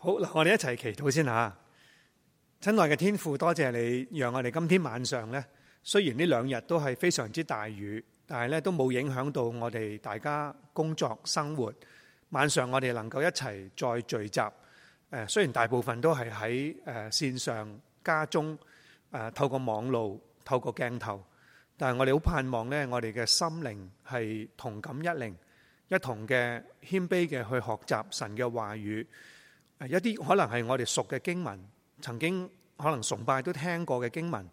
好，我哋一齊祈禱先吓。親愛嘅天父，多謝你讓我哋今天晚上呢，雖然呢兩日都係非常之大雨，但係咧都冇影響到我哋大家工作生活。晚上我哋能夠一齊再聚集，雖然大部分都係喺誒線上家中透過網路透過鏡頭，但係我哋好盼望呢，我哋嘅心靈係同感一靈一同嘅謙卑嘅去學習神嘅話語。一啲可能係我哋熟嘅經文，曾經可能崇拜都聽過嘅經文，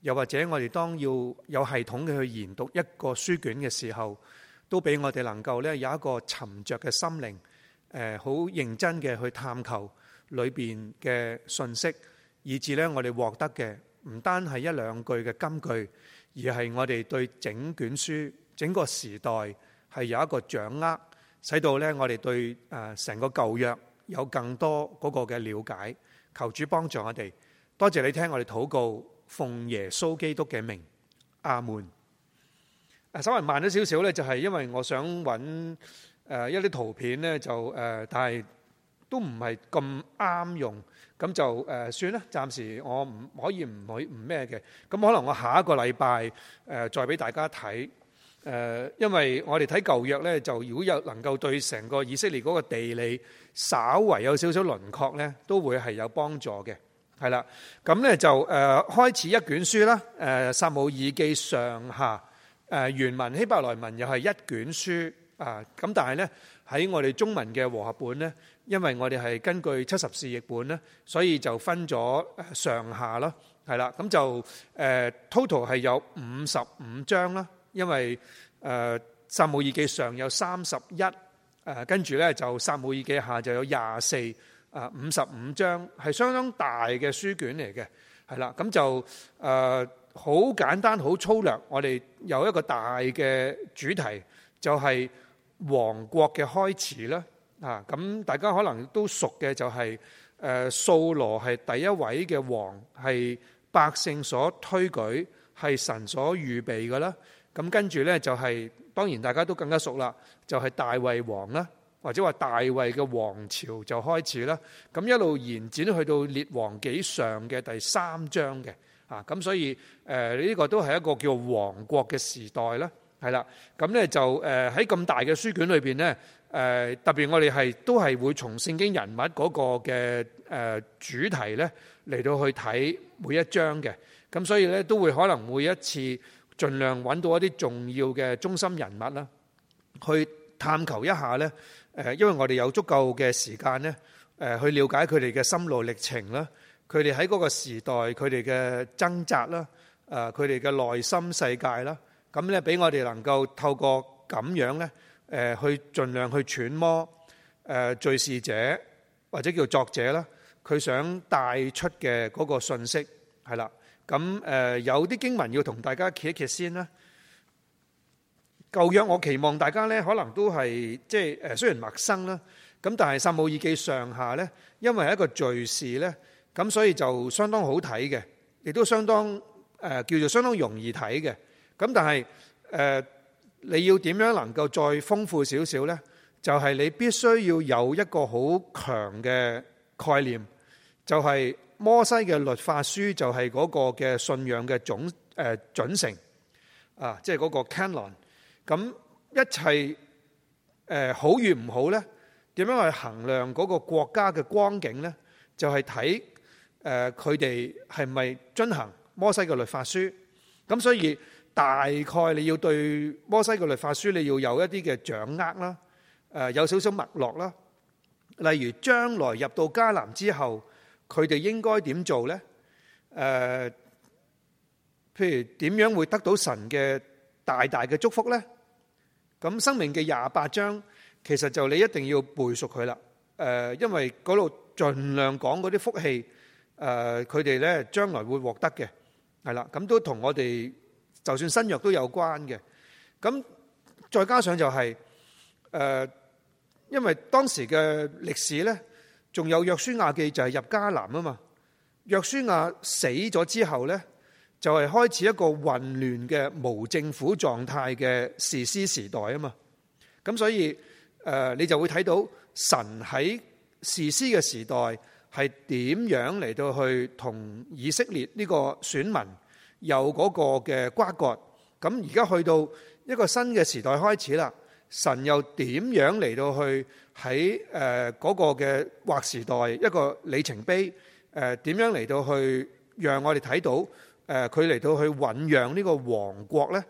又或者我哋當要有系統嘅去研讀一個書卷嘅時候，都俾我哋能夠呢有一個沉着嘅心靈，誒好認真嘅去探求裏面嘅信息，以至呢我哋獲得嘅唔單係一兩句嘅金句，而係我哋對整卷書整個時代係有一個掌握，使到呢我哋對誒成個舊約有更多嗰個嘅了解，求主幫助我哋。多謝你聽我哋禱告，奉耶穌基督嘅名，阿門。啊，稍微慢咗少少咧，就係、是、因為我想揾誒一啲圖片咧，就誒、呃，但係都唔係咁啱用，咁就誒、呃、算啦，暫時我唔可以唔去唔咩嘅。咁可能我下一個禮拜誒再俾大家睇。誒，因為我哋睇舊約呢，就如果有能夠對成個以色列嗰個地理稍為有少少輪廓呢，都會係有幫助嘅，係啦。咁呢就誒、呃、開始一卷書啦，誒撒母耳記上下，誒、呃、原文希伯來文又係一卷書啊。咁但係呢，喺我哋中文嘅和合本呢，因為我哋係根據七十士譯本呢，所以就分咗上下啦，係啦。咁就誒、呃、total 係有五十五章啦。因為誒《撒母耳記》上有三十一誒，跟住咧就《撒母耳記》下就有廿四誒，五十五章，係相當大嘅書卷嚟嘅，係啦。咁就誒好、呃、簡單好粗略，我哋有一個大嘅主題，就係、是、王國嘅開始啦。吓、啊、咁，大家可能都熟嘅就係誒掃羅係第一位嘅王，係百姓所推舉，係神所預備嘅啦。咁跟住呢、就是，就係當然大家都更加熟啦，就係、是、大衛王啦，或者話大衛嘅王朝就開始啦。咁一路延展去到列王紀上嘅第三章嘅，啊咁所以呢、呃這個都係一個叫王國嘅時代啦，係啦。咁呢，就喺咁大嘅書卷裏面呢、呃，特別我哋係都係會從聖經人物嗰個嘅、呃、主題呢嚟到去睇每一章嘅。咁所以呢，都會可能每一次。盡量揾到一啲重要嘅中心人物啦，去探求一下呢。誒，因為我哋有足夠嘅時間呢，誒，去了解佢哋嘅心路歷程啦，佢哋喺嗰個時代佢哋嘅掙扎啦，誒，佢哋嘅內心世界啦。咁呢，俾我哋能夠透過咁樣呢，誒，去盡量去揣摩，誒，敘事者或者叫作者啦，佢想帶出嘅嗰個信息，係啦。咁誒、呃、有啲經文要同大家揭一揭先啦。舊約我期望大家咧，可能都係即係誒、呃、雖然陌生啦，咁但係撒母耳記上下咧，因為係一個敘事咧，咁所以就相當好睇嘅，亦都相當、呃、叫做相當容易睇嘅。咁但係誒、呃、你要點樣能夠再豐富少少咧？就係、是、你必須要有一個好強嘅概念，就係、是。摩西嘅律法書就係嗰個嘅信仰嘅總誒準繩啊，即係嗰個 canon。咁一切誒、呃、好與唔好咧，點樣去衡量嗰個國家嘅光景咧？就係睇誒佢哋係咪遵行摩西嘅律法書。咁所以大概你要對摩西嘅律法書，你要有一啲嘅掌握啦，誒、呃、有少少脈絡啦。例如將來入到迦南之後。佢哋應該點做呢？誒，譬如點樣會得到神嘅大大嘅祝福呢？咁《申命記》廿八章，其實就你一定要背熟佢啦。誒，因為嗰度盡量講嗰啲福氣，誒，佢哋咧將來會獲得嘅，係啦。咁都同我哋就算新約都有關嘅。咁再加上就係，誒，因為當時嘅歷史咧，仲有約書亞記就係入迦南啊嘛，約書亞死咗之後呢，就係開始一個混亂嘅無政府狀態嘅士師時代啊嘛，咁所以誒你就會睇到神喺士師嘅時代係點樣嚟到去同以色列呢個選民有嗰個嘅瓜葛，咁而家去到一個新嘅時代開始啦，神又點樣嚟到去？喺誒嗰個嘅劃時代一個里程碑，誒點樣嚟到去讓我哋睇到誒佢嚟到去醖釀呢個王國呢？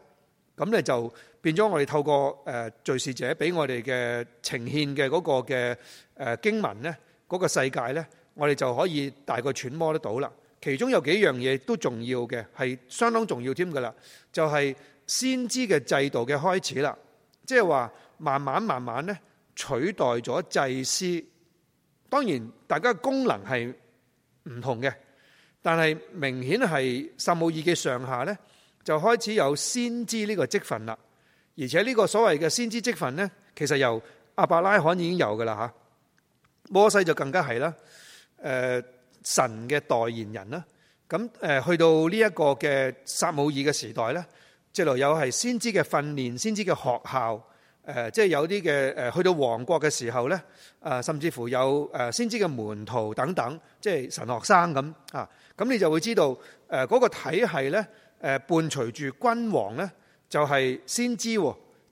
咁咧就變咗我哋透過誒敘事者俾我哋嘅呈現嘅嗰個嘅誒經文呢，嗰個世界呢，我哋就可以大概揣摩得到啦。其中有幾樣嘢都重要嘅，係相當重要添㗎啦。就係、是、先知嘅制度嘅開始啦，即係話慢慢慢慢呢。取代咗祭司，當然大家功能係唔同嘅，但係明顯係撒母耳嘅上下呢，就開始有先知呢個職份啦。而且呢個所謂嘅先知職份呢，其實由亞伯拉罕已經有噶啦吓，摩西就更加係啦。誒、呃，神嘅代言人啦，咁誒、呃、去到呢一個嘅撒母耳嘅時代呢，即係來有係先知嘅訓練，先知嘅學校。誒即係有啲嘅誒去到王國嘅時候咧，誒甚至乎有誒先知嘅門徒等等，即係神學生咁嚇。咁你就會知道誒嗰個體系咧，誒伴隨住君王咧，就係先知，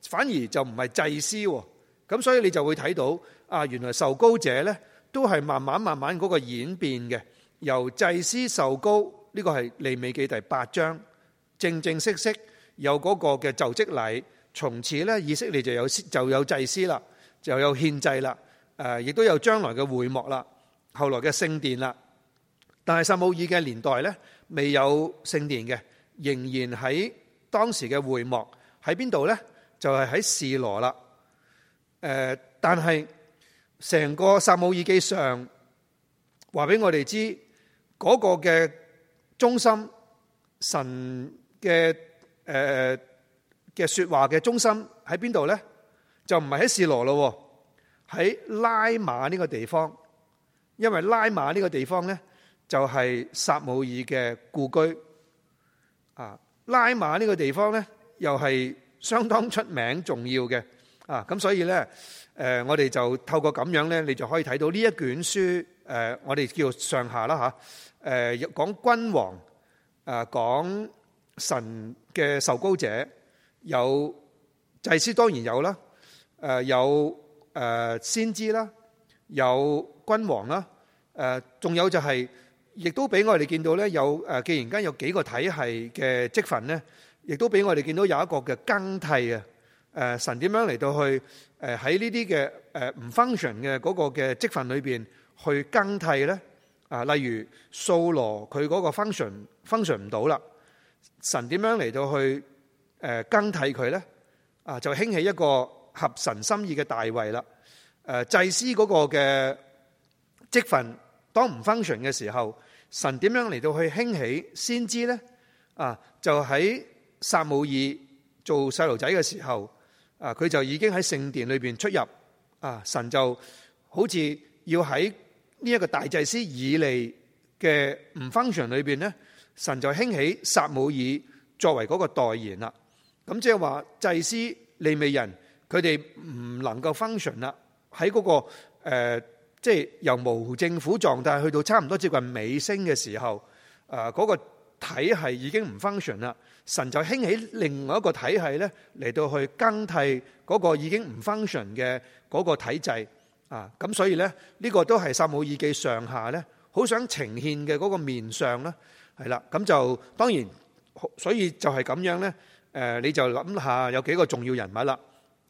反而就唔係祭司。咁所以你就會睇到啊，原來受膏者咧都係慢慢慢慢嗰個演變嘅。由祭司受膏呢個係利未記第八章，正正式式有嗰個嘅就職禮。從此咧，以色列就有就有祭司啦，就有獻祭啦，誒，亦都有將來嘅會幕啦，後來嘅聖殿啦。但係撒母耳嘅年代咧，未有聖殿嘅，仍然喺當時嘅會幕喺邊度咧？就係喺示羅啦。誒，但係成個撒母耳記上話俾我哋知，嗰、嗰個嘅中心神嘅誒。呃嘅説話嘅中心喺邊度呢？就唔係喺示羅咯，喺拉瑪呢個地方。因為拉瑪呢個地方呢，就係撒母耳嘅故居。啊，拉瑪呢個地方呢，又係相當出名重要嘅。啊，咁所以呢，誒，我哋就透過咁樣呢，你就可以睇到呢一卷書，誒，我哋叫上下啦嚇。誒，講君王，啊，講神嘅受膏者。有祭司當然有啦，誒有誒先知啦，有君王啦，誒仲有就係、是，亦都俾我哋見到咧有誒，既然間有幾個體系嘅積分咧，亦都俾我哋見到有一個嘅更替啊！誒神點樣嚟到去誒喺呢啲嘅誒唔 function 嘅嗰個嘅積分裏邊去更替咧？啊，例如掃羅佢嗰個 function function 唔到啦，神點樣嚟到去？誒，更替佢咧，啊，就興起一個合神心意嘅大衛啦。誒，祭司嗰個嘅職份當唔 function 嘅時候，神點樣嚟到去興起，先知咧？啊，就喺撒母耳做細路仔嘅時候，啊，佢就已經喺聖殿裏邊出入。啊，神就好似要喺呢一個大祭司以利嘅唔 function 裏邊咧，神就興起撒母耳作為嗰個代言啦。咁即係話祭司利未人佢哋唔能夠 function 啦，喺嗰個誒，即係由無政府狀態去到差唔多接近尾聲嘅時候，誒，嗰個體系已經唔 function 啦。神就興起另外一個體系咧嚟到去更替嗰個已經唔 function 嘅嗰個體制啊。咁所以咧，呢個都係撒母耳記上下咧好想呈現嘅嗰個面相啦。係啦，咁就當然，所以就係咁樣咧。誒，你就諗下有幾個重要人物啦，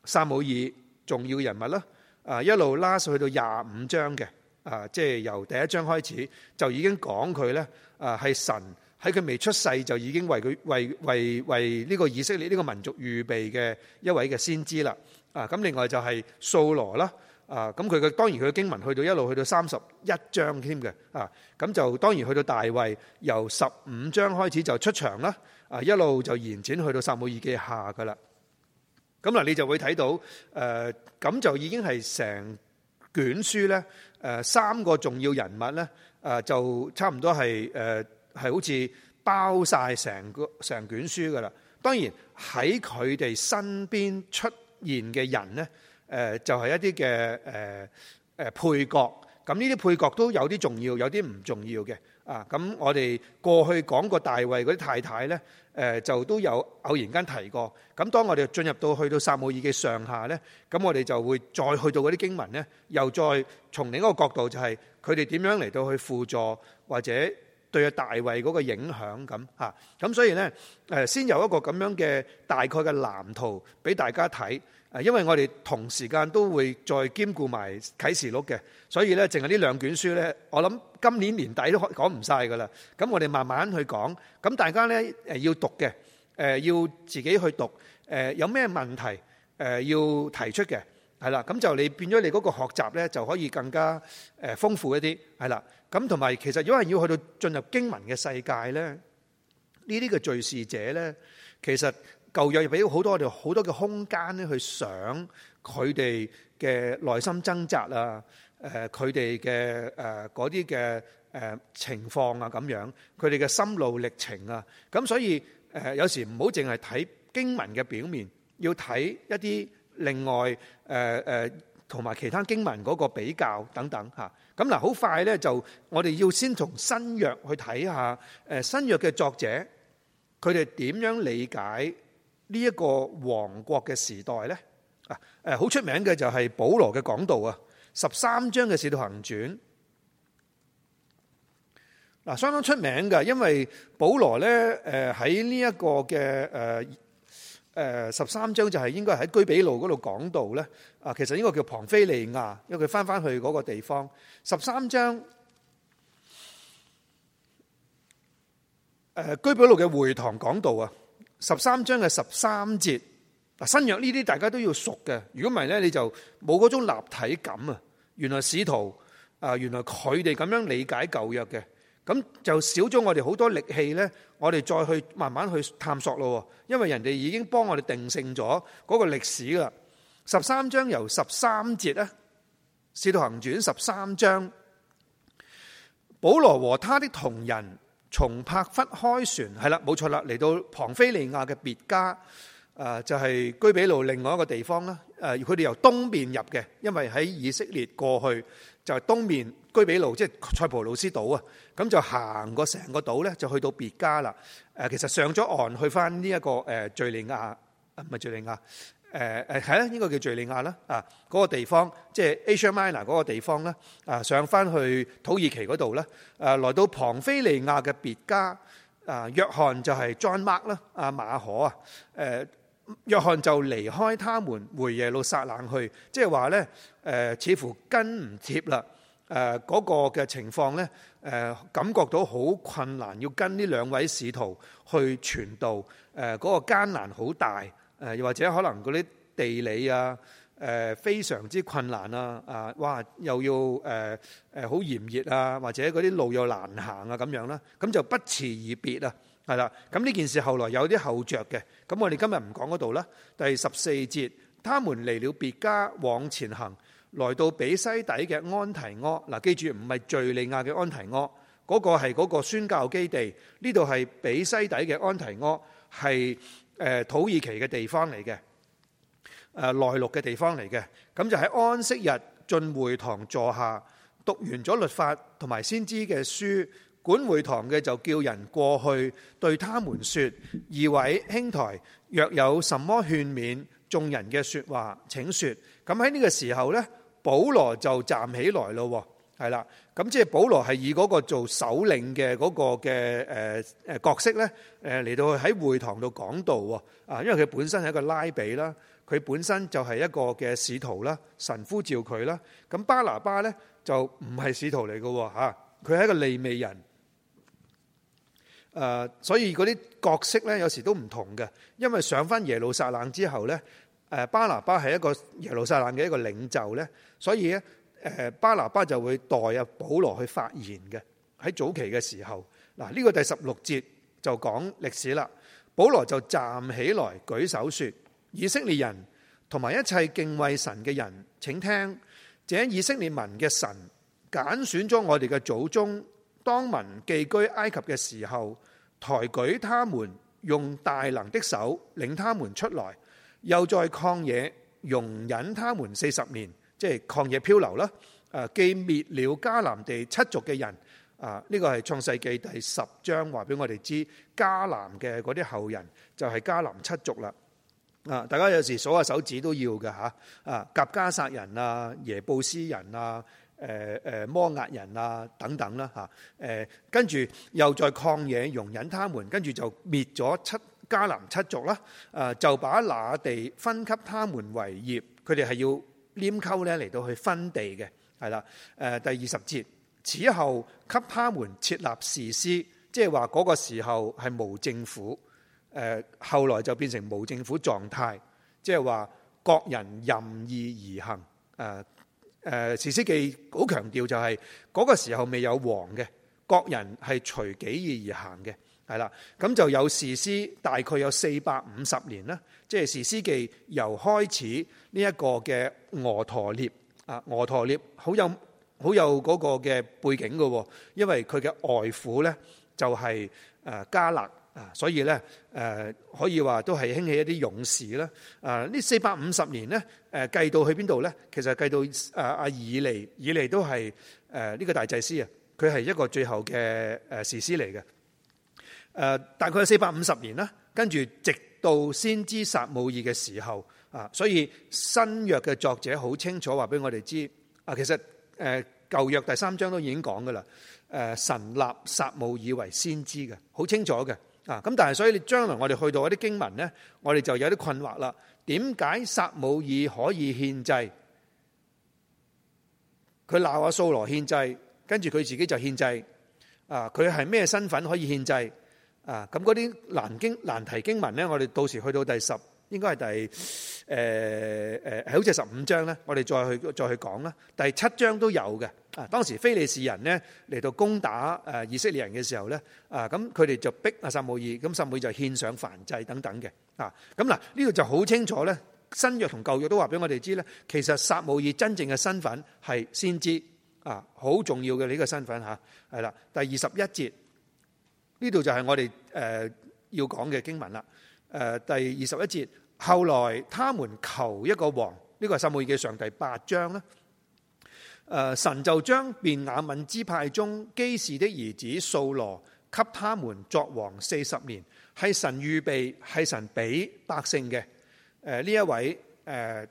撒母耳重要人物啦，啊，一路拉上去到廿五章嘅，啊，即係由第一章開始就已經講佢咧，啊，係神喺佢未出世就已經為佢為為為呢個以色列呢個民族預備嘅一位嘅先知啦，啊咁另外就係掃羅啦，啊咁佢嘅當然佢經文去到一路去到三十一章添嘅，啊咁就當然去到大衛由十五章開始就出場啦。啊，一路就延展去到撒母耳記下㗎喇，咁嗱你就會睇到，誒、呃、咁就已經係成卷書咧，誒、呃、三個重要人物咧，誒、呃、就差唔多係誒係好似包晒成個成卷書㗎喇。當然喺佢哋身邊出現嘅人咧，誒、呃、就係、是、一啲嘅誒誒配角，咁呢啲配角都有啲重要，有啲唔重要嘅。啊，咁我哋過去講過大衛嗰啲太太呢，誒就都有偶然間提過。咁當我哋進入到去到撒母耳嘅上下呢，咁我哋就會再去到嗰啲經文呢，又再從另一個角度，就係佢哋點樣嚟到去輔助或者對阿大衛嗰個影響咁嚇。咁所以呢，誒先有一個咁樣嘅大概嘅藍圖俾大家睇。因為我哋同時間都會再兼顧埋啟示錄嘅，所以咧淨係呢兩卷書咧，我諗今年年底都講唔晒噶啦。咁我哋慢慢去講，咁大家咧誒要讀嘅，誒要自己去讀，誒有咩問題誒要提出嘅，係啦。咁就你變咗你嗰個學習咧就可以更加誒豐富一啲，係啦。咁同埋其實如果係要去到進入經文嘅世界咧，呢啲嘅敘事者咧，其實。舊約又俾咗好多我哋好多嘅空間咧去想佢哋嘅內心掙扎啊，誒佢哋嘅誒嗰啲嘅誒情況啊咁樣，佢哋嘅心路歷程啊，咁所以誒有時唔好淨係睇經文嘅表面，要睇一啲另外誒誒同埋其他經文嗰個比較等等嚇。咁嗱，好快咧就我哋要先從新約去睇下誒新約嘅作者佢哋點樣理解。呢、這、一個王國嘅時代咧啊，誒，好出名嘅就係保羅嘅講道啊，十三章嘅使徒行傳，嗱相當出名嘅，因為保羅咧，誒喺呢一個嘅誒誒十三章就係應該喺居比路嗰度講道咧啊，其實呢個叫旁菲利亞，因為佢翻翻去嗰個地方十三章，誒居比路嘅回堂講道啊。十三章嘅十三節，嗱新約呢啲大家都要熟嘅，如果唔係呢，你就冇嗰種立體感啊！原來使徒啊，原來佢哋咁樣理解舊約嘅，咁就少咗我哋好多力氣呢。我哋再去慢慢去探索咯，因為人哋已經幫我哋定性咗嗰個歷史啦。十三章由十三節呢，《使徒行傳》十三章，保羅和他的同仁。從帕弗開船係啦，冇錯啦，嚟到旁非利亞嘅別家，誒、呃、就係、是、居比路另外一個地方啦。誒、呃，佢哋由東面入嘅，因為喺以色列過去就係、是、東面居比路，即、就、係、是、塞浦路斯島啊。咁就行過成個島咧，就去到別家啦。誒、呃，其實上咗岸去翻呢一個誒敍、呃、利亞，唔係敍利亞。誒誒係啦，應該叫敍利亞啦，啊嗰個地方，即係 Asia Minor 嗰個地方咧，啊上翻去土耳其嗰度咧，啊來到旁非利亞嘅別家，啊約翰就係 John Mark 啦，阿馬可啊，誒約翰就離開他們回耶路撒冷去，即係話咧誒似乎跟唔貼啦，誒、呃、嗰、那個嘅情況咧誒感覺到好困難，要跟呢兩位使徒去傳道，誒、呃、嗰、那個艱難好大。誒又或者可能嗰啲地理啊，誒、呃、非常之困難啊，啊哇又要誒誒好炎熱啊，或者嗰啲路又難行啊咁樣啦，咁就不辭而別啊，係啦。咁呢件事後來有啲後着嘅，咁我哋今日唔講嗰度啦。第十四節，他們離了別家往前行，來到比西底嘅安提阿。嗱、啊，記住唔係敍利亞嘅安提阿，嗰、嗰個係嗰個宣教基地，呢度係比西底嘅安提阿。係。誒土耳其嘅地方嚟嘅，誒內陸嘅地方嚟嘅，咁就喺安息日進會堂坐下，讀完咗律法同埋先知嘅書，管會堂嘅就叫人過去對他們說：二位兄台，若有什麼勸勉眾人嘅說話，請說。咁喺呢個時候呢，保羅就站起來咯。係啦，咁即係保羅係以嗰個做首領嘅嗰個嘅誒誒角色咧，誒嚟到喺會堂度講道喎，啊，因為佢本身係一個拉比啦，佢本身就係一個嘅使徒啦，神呼召佢啦，咁巴拿巴咧就唔係使徒嚟㗎吓，佢係一個利未人，誒，所以嗰啲角色咧有時都唔同嘅，因為上翻耶路撒冷之後咧，誒巴拿巴係一個耶路撒冷嘅一個領袖咧，所以咧。巴拿巴就會代入保羅去發言嘅。喺早期嘅時候，嗱呢個第十六節就講歷史啦。保羅就站起來舉手說：以色列人同埋一切敬畏神嘅人，請聽，這以色列民嘅神揀選咗我哋嘅祖宗，當民寄居埃及嘅時候，抬舉他們用大能的手領他們出來，又在曠野容忍他們四十年。即係曠野漂流啦，啊，既滅了迦南地七族嘅人，啊，呢個係創世記第十章話俾我哋知，迦南嘅嗰啲後人就係迦南七族啦，啊，大家有時數下手指都要㗎嚇，啊，革迦撒人啊，耶布斯人啊，誒誒摩押人啊等等啦嚇，誒，跟住又在曠野容忍他們，跟住就滅咗七迦南七族啦，啊，就把那地分給他們為業，佢哋係要。黏扣咧嚟到去分地嘅，係啦，誒、呃，第二十節，此後給他們設立士師，即係話嗰個時候係無政府，誒、呃，後來就變成無政府狀態，即係話各人任意而行，誒、呃、誒，士師記好強調就係、是、嗰、那個時候未有王嘅，各人係隨己意而行嘅。係啦，咁就有士師，大概有四百五十年啦。即係士師記由開始呢一個嘅俄陀聶啊，俄陀聶好有好有嗰個嘅背景㗎喎。因為佢嘅外父咧就係迦勒啊，所以咧可以話都係興起一啲勇士啦。呢四百五十年咧誒計到去邊度咧？其實計到阿以利，以利都係呢個大祭司啊。佢係一個最後嘅誒士師嚟嘅。誒，大概有四百五十年啦，跟住，直到先知撒母耳嘅時候啊，所以新約嘅作者好清楚話俾我哋知啊，其實誒舊約第三章都已經講噶啦，誒神立撒母耳為先知嘅，好清楚嘅啊，咁但係，所以你將來我哋去到一啲經文咧，我哋就有啲困惑啦，點解撒母耳可以獻祭？佢鬧阿掃羅獻祭，跟住佢自己就獻祭啊，佢係咩身份可以獻祭？啊，咁嗰啲難經難題經文咧，我哋到時去到第十，應該係第誒誒，係好似係十五章咧，我哋再去再去講啦。第七章都有嘅。啊，當時非利士人咧嚟到攻打誒以色列人嘅時候咧，啊，咁佢哋就逼啊撒母耳，咁撒母耳就獻上燔祭等等嘅。啊，咁嗱呢度就好清楚咧，新約同舊約都話俾我哋知咧，其實撒母耳真正嘅身份係先知。啊，好重要嘅呢個身份吓，係啦，第二十一節。呢度就係我哋誒要講嘅經文啦。誒，第二十一節，後來他們求一個王，呢，這個係《撒母耳記》上第八章啦。誒，神就將便雅憫支派中基士的兒子掃羅給他們作王四十年，係神預備，係神俾百姓嘅。誒，呢一位誒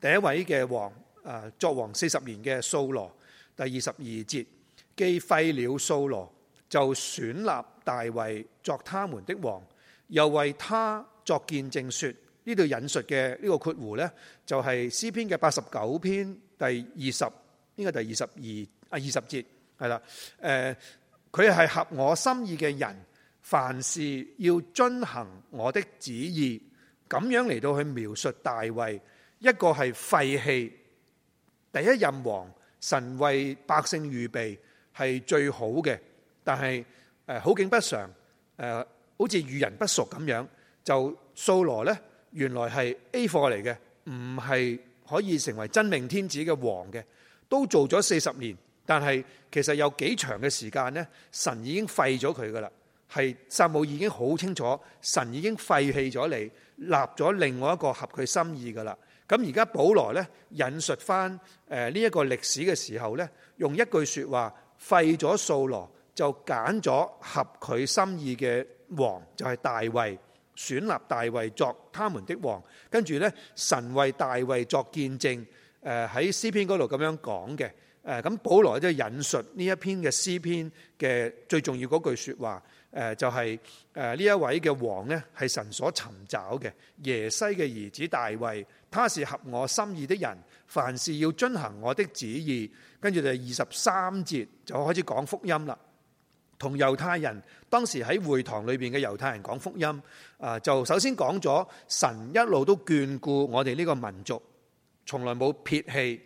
第一位嘅王誒作王四十年嘅掃羅。第二十二節，既廢了掃羅。就選立大衛作他們的王，又為他作見證說：呢度引述嘅呢個括弧呢，就係詩篇嘅八十九篇第二十、啊，應該第二十二啊二十節係啦。誒，佢、呃、係合我心意嘅人，凡事要遵行我的旨意，咁樣嚟到去描述大衛一個係廢棄第一任王，神為百姓預備係最好嘅。但係誒，好景不常，誒好似遇人不淑咁樣，就掃羅呢，原來係 A 貨嚟嘅，唔係可以成為真命天子嘅王嘅。都做咗四十年，但係其實有幾長嘅時間呢，神已經廢咗佢噶啦，係撒母已經好清楚，神已經廢棄咗你，立咗另外一個合佢心意噶啦。咁而家保羅呢，引述翻誒呢一個歷史嘅時候呢，用一句説話廢咗掃羅。就揀咗合佢心意嘅王，就係、是、大衛，選立大衛作他們的王。跟住呢，神為大衛作見證。誒喺詩篇嗰度咁樣講嘅。誒、啊、咁保羅即係引述呢一篇嘅詩篇嘅最重要嗰句說話。誒、啊、就係誒呢一位嘅王呢，係神所尋找嘅耶西嘅兒子大衛，他是合我心意的人，凡事要遵行我的旨意。跟住就係二十三節就開始講福音啦。同猶太人當時喺會堂裏面嘅猶太人講福音啊，就首先講咗神一路都眷顧我哋呢個民族，從來冇撇棄，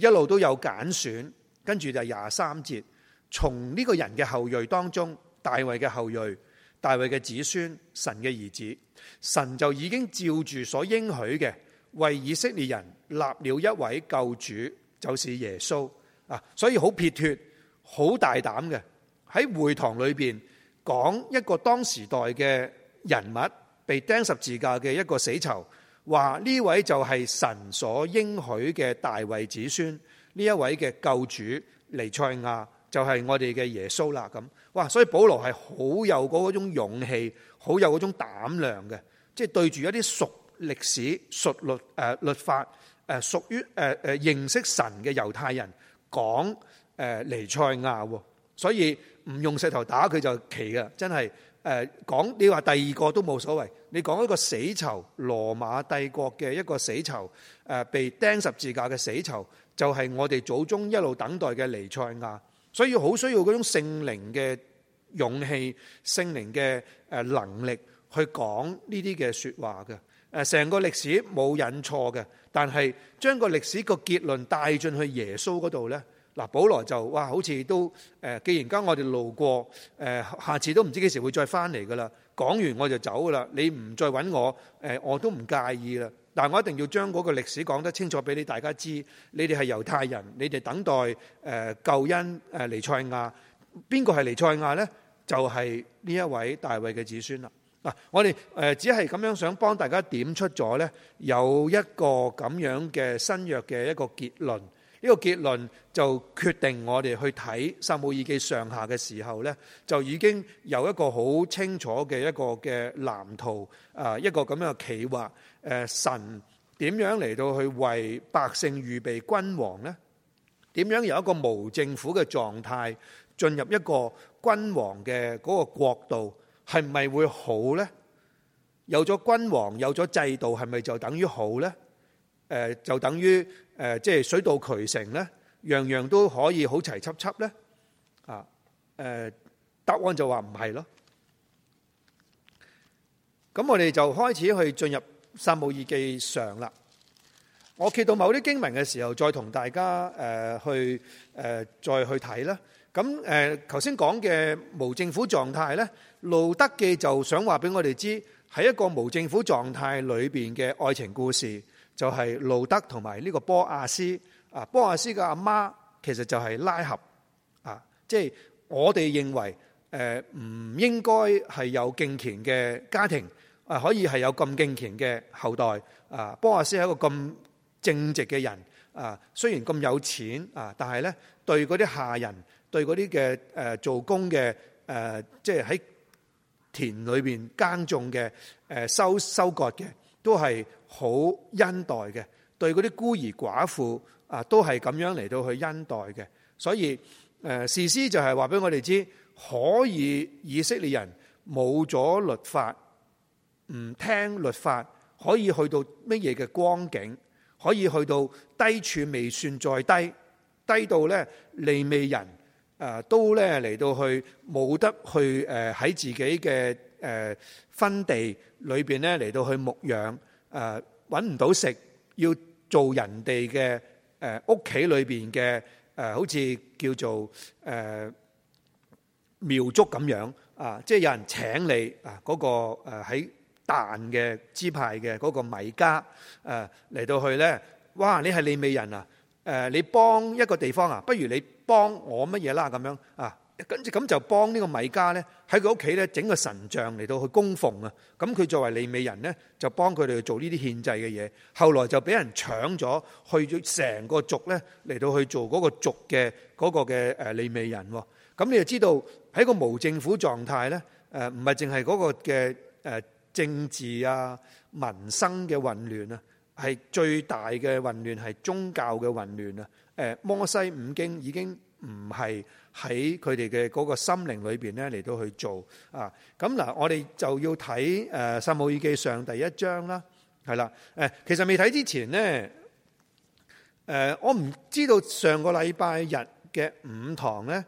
一路都有揀選。跟住就廿三節，從呢個人嘅後裔當中，大衛嘅後裔、大衛嘅子孫、神嘅兒子，神就已經照住所應許嘅，為以色列人立了一位救主，就是耶穌啊！所以好撇脱，好大膽嘅。喺會堂裏邊講一個當時代嘅人物被釘十字架嘅一個死囚，話呢位就係神所應許嘅大衛子孫，呢一位嘅救主彌賽亞就係、是、我哋嘅耶穌啦。咁哇，所以保羅係好有嗰種勇氣，好有嗰種膽量嘅，即、就、係、是、對住一啲熟歷史、熟律誒、呃、律法誒、呃、屬於誒誒、呃、認識神嘅猶太人講誒、呃、彌賽亞，所以。唔用石頭打佢就奇噶，真係誒講，你話第二個都冇所謂。你講一個死囚，羅馬帝國嘅一個死囚，誒、呃、被釘十字架嘅死囚，就係、是、我哋祖宗一路等待嘅尼賽亞。所以好需要嗰種聖靈嘅勇氣、聖靈嘅誒能力去講呢啲嘅說的話嘅。誒、呃，成個歷史冇引錯嘅，但係將個歷史個結論帶進去耶穌嗰度咧。嗱，保羅就哇，好似都誒，既然間我哋路過，下次都唔知幾時會再翻嚟噶啦。講完我就走噶啦，你唔再揾我，誒，我都唔介意啦。但係我一定要將嗰個歷史講得清楚俾你大家知，你哋係猶太人，你哋等待誒救恩誒尼賽亞。邊個係尼賽亞咧？就係呢一位大衛嘅子孫啦。嗱，我哋誒只係咁樣想幫大家點出咗咧，有一個咁樣嘅新約嘅一個結論。呢、這個結論就決定我哋去睇《撒母耳記》上下嘅時候呢，就已經有一個好清楚嘅一個嘅藍圖啊，一個咁樣嘅企劃。神點樣嚟到去為百姓預備君王呢？點樣由一個無政府嘅狀態進入一個君王嘅嗰個國度，係咪會好呢？有咗君王，有咗制度，係咪就等於好呢？誒就等於誒，即係水到渠成咧，樣樣都可以好齊輯輯咧。啊，誒，答案就話唔係咯。咁我哋就開始去進入撒母耳記上啦。我揭到某啲經文嘅時候再跟，再同大家誒去誒再去睇啦。咁誒，頭先講嘅無政府狀態咧，路得記就想話俾我哋知，喺一個無政府狀態裏邊嘅愛情故事。就係路德同埋呢個波亞斯啊，波亞斯嘅阿媽其實就係拉合啊，即係我哋認為誒唔應該係有敬虔嘅家庭啊，可以係有咁敬虔嘅後代啊。波亞斯係一個咁正直嘅人啊，雖然咁有錢啊，但係咧對嗰啲下人，對嗰啲嘅誒做工嘅誒，即係喺田裏邊耕種嘅誒收收割嘅都係。好恩待嘅，對嗰啲孤兒寡婦啊，都係咁樣嚟到去恩待嘅。所以誒，士、呃、師就係話俾我哋知，可以以色列人冇咗律法，唔聽律法，可以去到乜嘢嘅光景？可以去到低處未算再低，低到呢利未人、啊、都呢嚟到去冇得去誒喺、呃、自己嘅誒、呃、分地裏邊呢嚟到去牧養。誒揾唔到食，要做人哋嘅誒屋企裏邊嘅誒，好似叫做誒、呃、廟祝咁樣啊！即係有人請你啊，嗰、嗰個喺彈嘅支派嘅嗰個米家誒嚟、啊、到去咧，哇！你係利未人啊，誒、呃、你幫一個地方啊，不如你幫我乜嘢啦咁樣啊！跟住咁就幫呢個米迦咧喺佢屋企咧整個神像嚟到去供奉啊！咁佢作為利未人咧就幫佢哋做呢啲獻祭嘅嘢。後來就俾人搶咗，去咗成個族咧嚟到去做嗰個族嘅嗰個嘅誒利未人。咁你就知道喺個無政府狀態咧，誒唔係淨係嗰個嘅誒政治啊民生嘅混亂啊，係最大嘅混亂係宗教嘅混亂啊！誒摩西五經已經唔係。喺佢哋嘅嗰個心靈裏邊咧，嚟到去做啊！咁嗱，我哋就要睇誒《撒母耳記上》第一章啦，係啦。誒、呃，其實未睇之前呢，誒、呃，我唔知道上個禮拜日嘅五堂咧，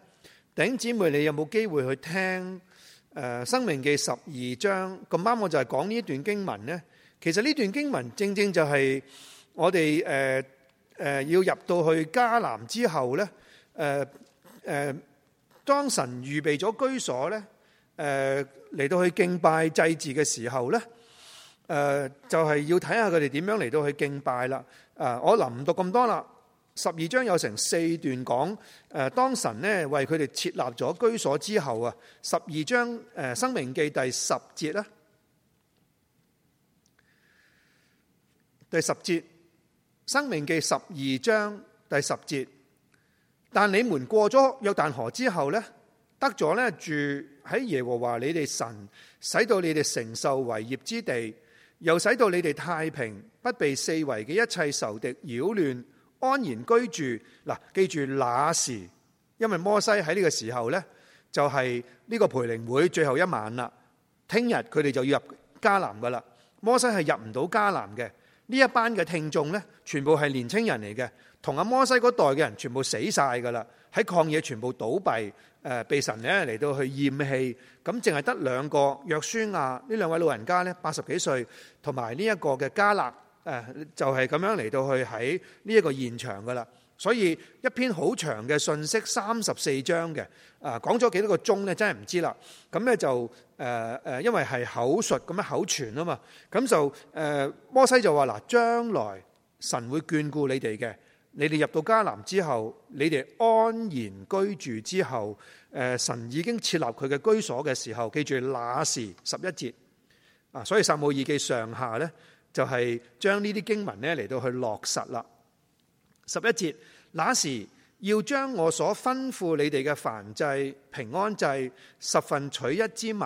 頂姊妹你有冇機會去聽誒、呃《生命記》十二章咁啱？我就係講呢一段經文咧。其實呢段經文正正就係我哋誒誒要入到去迦南之後咧，誒、呃。誒，當神預備咗居所咧，誒嚟到去敬拜祭祀嘅時候咧，誒就係要睇下佢哋點樣嚟到去敬拜啦。啊，我臨到咁多啦，十二章有成四段講，誒當神呢，為佢哋設立咗居所之後啊，十二章誒《申命記》第十節啦，第十節《申命記》十二章第十節。但你們過咗約旦河之後咧，得咗咧住喺耶和華你哋神使到你哋承受為業之地，又使到你哋太平，不被四圍嘅一切仇敵擾亂，安然居住。嗱，記住那時，因為摩西喺呢個時候咧，就係、是、呢個培靈會最後一晚啦。聽日佢哋就要入迦南噶啦。摩西係入唔到迦南嘅，呢一班嘅聽眾咧，全部係年青人嚟嘅。同阿摩西嗰代嘅人全部死晒噶啦，喺曠野全部倒閉，誒，被神咧嚟到去厭棄，咁淨係得兩個約書亞呢兩位老人家咧，八十幾歲，同埋呢一個嘅加勒誒，就係咁樣嚟到去喺呢一個現場噶啦。所以一篇好長嘅信息，三十四章嘅，啊，講咗幾多個鐘咧，真係唔知啦。咁咧就誒誒，因為係口述咁樣口傳啊嘛，咁就誒摩西就話嗱，將來神會眷顧你哋嘅。你哋入到迦南之後，你哋安然居住之後，誒、呃，神已經設立佢嘅居所嘅時候，記住那時十一節。所以撒母耳記上下呢，就係、是、將呢啲經文呢嚟到去落實啦。十一節，那時要將我所吩咐你哋嘅燔祭、平安祭、十分取一之物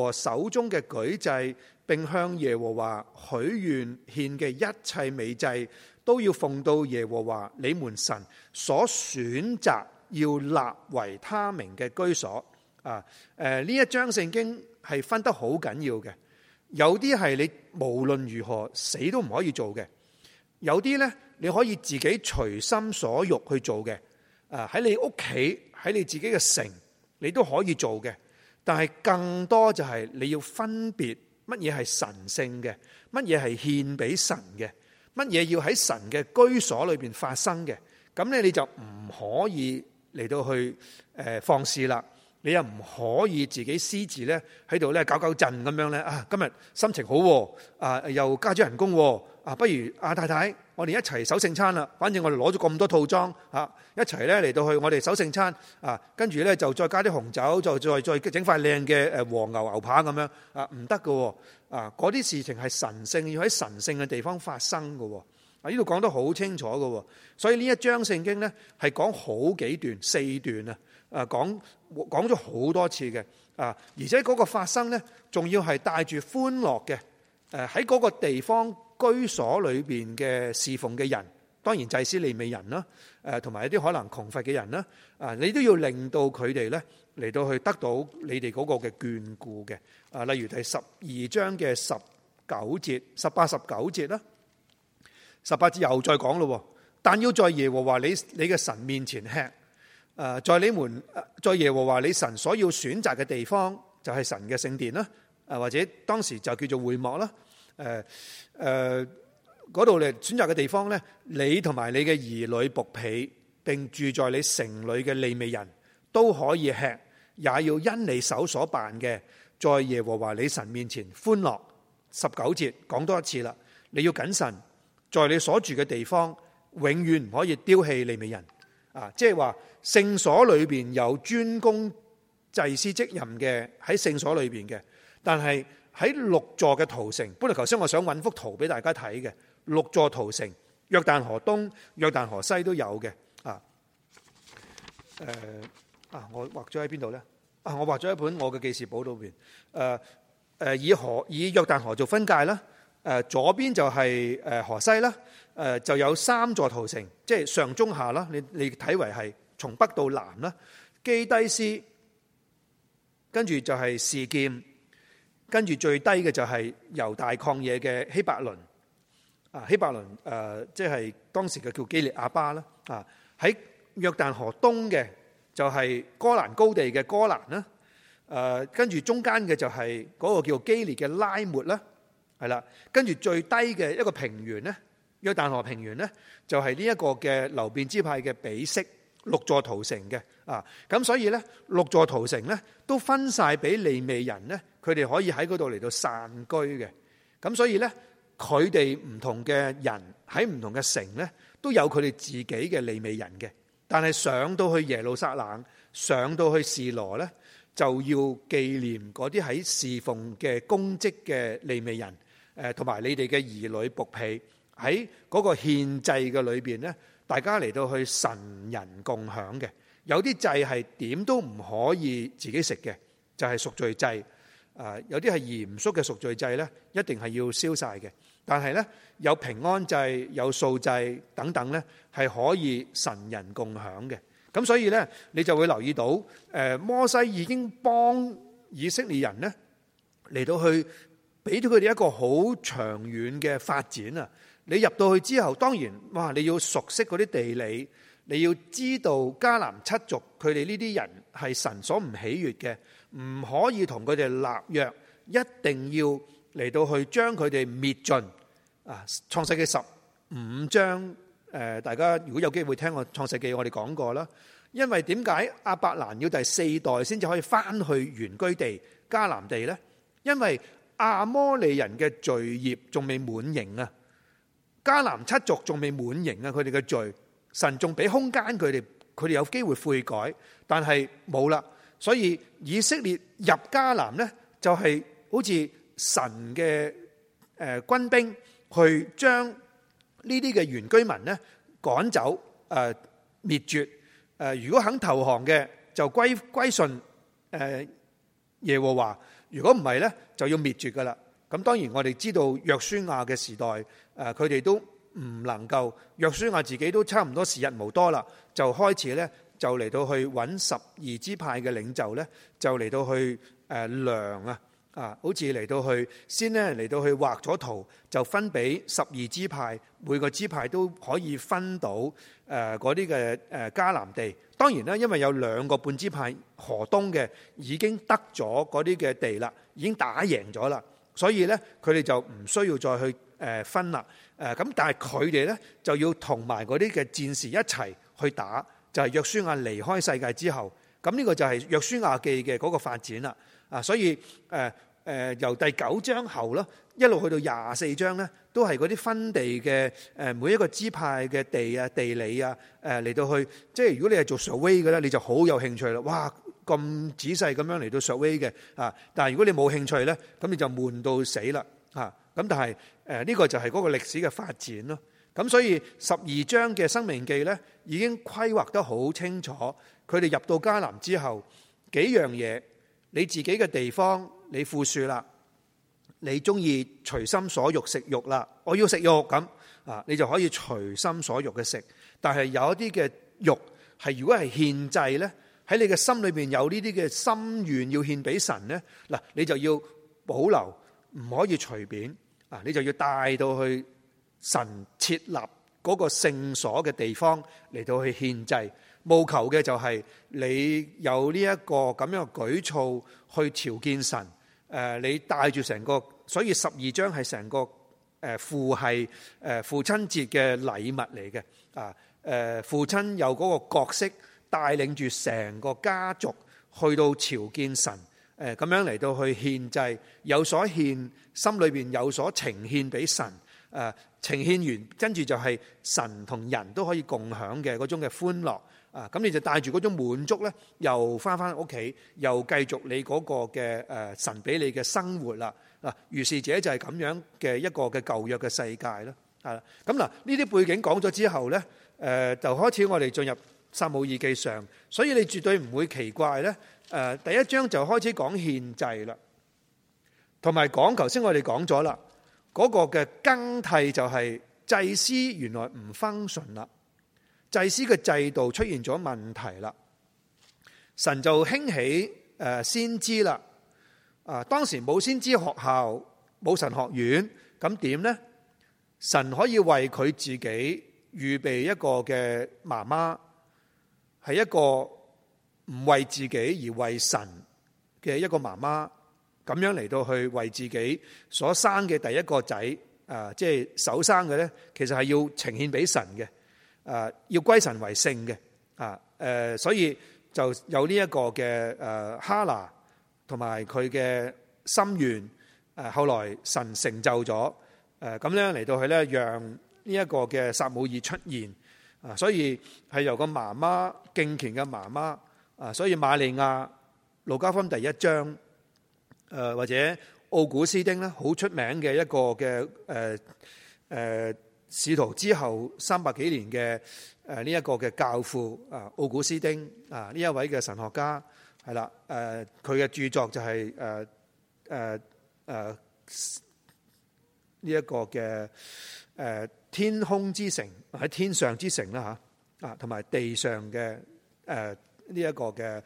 和手中嘅舉祭，並向耶和華許願獻嘅一切美祭。」都要奉到耶和華你們神所選擇要立為他名嘅居所啊！誒，呢一章聖經係分得好緊要嘅，有啲係你無論如何死都唔可以做嘅，有啲呢，你可以自己隨心所欲去做嘅。誒，喺你屋企，喺你自己嘅城，你都可以做嘅。但係更多就係你要分別乜嘢係神聖嘅，乜嘢係獻俾神嘅。乜嘢要喺神嘅居所裏邊發生嘅？咁咧你就唔可以嚟到去放肆啦！你又唔可以自己私自咧喺度咧搞搞震咁樣咧啊！今日心情好喎、啊，啊又加咗人工喎、啊。啊，不如阿太太，我哋一齊守聖餐啦。反正我哋攞咗咁多套裝，吓一齊咧嚟到去，我哋守聖餐。啊，跟住咧就再加啲紅酒，就再再整塊靚嘅誒黃牛牛扒咁樣。啊，唔得噶，啊嗰啲事情係神聖，要喺神聖嘅地方發生噶。啊，呢度講得好清楚噶。所以呢一章聖經咧係講好幾段，四段啊。誒，講講咗好多次嘅。啊，而且嗰個發生咧，仲要係帶住歡樂嘅。誒，喺嗰個地方。居所裏邊嘅侍奉嘅人，當然祭司利未人啦，誒，同埋一啲可能窮乏嘅人啦，啊，你都要令到佢哋咧嚟到去得到你哋嗰個嘅眷顧嘅，啊，例如係十二章嘅十九節、十八十九節啦，十八節又再講咯，但要在耶和華你你嘅神面前吃，誒，在你們在耶和華你神所要選擇嘅地方，就係神嘅聖殿啦，誒，或者當時就叫做會幕啦。誒、呃、誒，嗰度你選擇嘅地方呢，你同埋你嘅兒女僕婢，並住在你城裏嘅利未人，都可以吃，也要因你手所辦嘅，在耶和華你神面前歡樂。十九節講多一次啦，你要謹慎，在你所住嘅地方，永遠唔可以丟棄利未人。人啊！即係話聖所裏邊有專攻祭司職任嘅喺聖所裏邊嘅，但係。喺六座嘅逃城，本來頭先我想揾幅圖俾大家睇嘅，六座逃城，約旦河東、約旦河西都有嘅。啊，誒，啊，我畫咗喺邊度咧？啊，我畫咗一本我嘅記事簿裏邊，誒誒，以河以約旦河做分界啦，誒、啊，左邊就係誒河西啦，誒、啊，就有三座逃城，即、就、係、是、上中下啦，你你睇為係從北到南啦，基低斯，跟住就係示劍。跟住最低嘅就係猶大曠野嘅希伯倫啊，希伯倫誒、呃，即係當時嘅叫基列亞巴啦啊。喺約旦河東嘅就係哥蘭高地嘅哥蘭啦。誒、呃，跟住中間嘅就係嗰個叫基列嘅拉末啦，係啦。跟住最低嘅一個平原咧，約旦旦河平原咧，就係呢一個嘅流便支派嘅比悉。六座屠城嘅啊，咁所以呢，六座屠城呢都分晒俾利未人呢，佢哋可以喺嗰度嚟到散居嘅。咁所以呢，佢哋唔同嘅人喺唔同嘅城呢都有佢哋自己嘅利未人嘅。但係上到去耶路撒冷，上到去示羅呢，就要紀念嗰啲喺侍奉嘅公職嘅利未人，誒、啊，同埋你哋嘅兒女僕婢喺嗰個獻祭嘅裏邊呢。大家嚟到去神人共享嘅，有啲祭係點都唔可以自己食嘅，就係贖罪祭。誒，有啲係嚴肅嘅贖罪祭呢，一定係要燒晒嘅。但係呢有平安祭、有素祭等等呢，係可以神人共享嘅。咁所以呢，你就會留意到，誒，摩西已經幫以色列人呢嚟到去俾咗佢哋一個好長遠嘅發展啊！你入到去之後，當然哇，你要熟悉嗰啲地理，你要知道迦南七族佢哋呢啲人係神所唔喜悦嘅，唔可以同佢哋立約，一定要嚟到去將佢哋滅盡。啊，創世記十五章，誒、呃，大家如果有機會聽我創世記，我哋講過啦。因為點解亞伯蘭要第四代先至可以翻去原居地迦南地呢？因為阿摩利人嘅罪孽仲未滿盈啊！迦南七族仲未滿盈啊！佢哋嘅罪，神仲俾空間佢哋，佢哋有機會悔改，但係冇啦。所以以色列入迦南咧，就係好似神嘅誒軍兵去將呢啲嘅原居民咧趕走誒滅絕誒，如果肯投降嘅就歸歸順誒耶和華，如果唔係咧就要滅絕噶啦。咁當然我哋知道約書亞嘅時代。誒，佢哋都唔能夠。約書亞自己都差唔多時日無多啦，就開始咧，就嚟到去搵十二支派嘅領袖咧，就嚟到去誒量啊啊，好似嚟到去先呢，嚟到去畫咗圖，就分畀十二支派，每個支派都可以分到誒嗰啲嘅誒迦南地。當然啦，因為有兩個半支派河東嘅已經得咗嗰啲嘅地啦，已經打贏咗啦，所以咧佢哋就唔需要再去。誒分啦，誒咁但係佢哋咧就要同埋嗰啲嘅戰士一齊去打，就係約書亞離開世界之後，咁呢個就係約書亞記嘅嗰個發展啦。啊，所以誒誒、呃呃、由第九章後咯，一路去到廿四章咧，都係嗰啲分地嘅誒、呃、每一個支派嘅地啊、地理啊誒嚟到去，即係如果你係做 survey 嘅咧，你就好有興趣啦。哇，咁仔細咁樣嚟到 survey 嘅啊，但係如果你冇興趣咧，咁你就悶到死啦啊！咁但係。誒、這、呢個就係嗰個歷史嘅發展咯。咁所以十二章嘅申命記呢已經規劃得好清楚。佢哋入到迦南之後，幾樣嘢你自己嘅地方，你富庶啦，你中意隨心所欲食肉啦，我要食肉咁啊，你就可以隨心所欲嘅食。但係有一啲嘅肉係如果係獻祭呢，喺你嘅心裏面有呢啲嘅心願要獻俾神呢，嗱你就要保留，唔可以隨便。啊！你就要帶到去神設立嗰個聖所嘅地方嚟到去獻祭，務求嘅就係你有呢一個咁樣嘅舉措去朝見神。誒，你帶住成個，所以十二章係成個誒父系誒父親節嘅禮物嚟嘅。啊，誒父親有嗰個角色帶領住成個家族去到朝見神。誒，咁樣嚟到去獻祭，有所獻，心裏邊有所呈獻俾神。誒，呈獻完，跟住就係神同人都可以共享嘅嗰種嘅歡樂。啊，咁你就帶住嗰種滿足咧，又翻翻屋企，又繼續你嗰個嘅誒神俾你嘅生活啦。嗱，如是者就係咁樣嘅一個嘅舊約嘅世界啦。係啦，咁嗱呢啲背景講咗之後咧，誒就開始我哋進入撒母耳記上，所以你絕對唔會奇怪咧。誒，第一章就開始講獻祭啦，同埋講，頭先我哋講咗啦，嗰個嘅更替就係祭司原來唔 function 啦，祭司嘅制度出現咗問題啦，神就興起誒先知啦，啊，當時冇先知學校冇神學院，咁點呢？神可以為佢自己預備一個嘅媽媽，係一個。唔為自己而為神嘅一個媽媽，咁樣嚟到去為自己所生嘅第一個仔，誒，即係首生嘅咧，其實係要呈獻俾神嘅，誒，要歸神為聖嘅，啊，誒，所以就有呢一個嘅誒哈拿，同埋佢嘅心願，誒，後來神成就咗，誒，咁樣嚟到去咧，讓呢一個嘅撒母耳出現，啊，所以係由個媽媽敬虔嘅媽媽。啊，所以瑪利亞、盧家芬第一章，誒或者奧古斯丁咧，好出名嘅一個嘅誒誒使徒之後三百幾年嘅誒呢一個嘅教父啊，奧古斯丁啊，呢一位嘅神學家係啦，誒佢嘅著作就係誒誒誒呢一個嘅誒天空之城喺天上之城啦嚇，啊同埋地上嘅誒。呢、這、一個嘅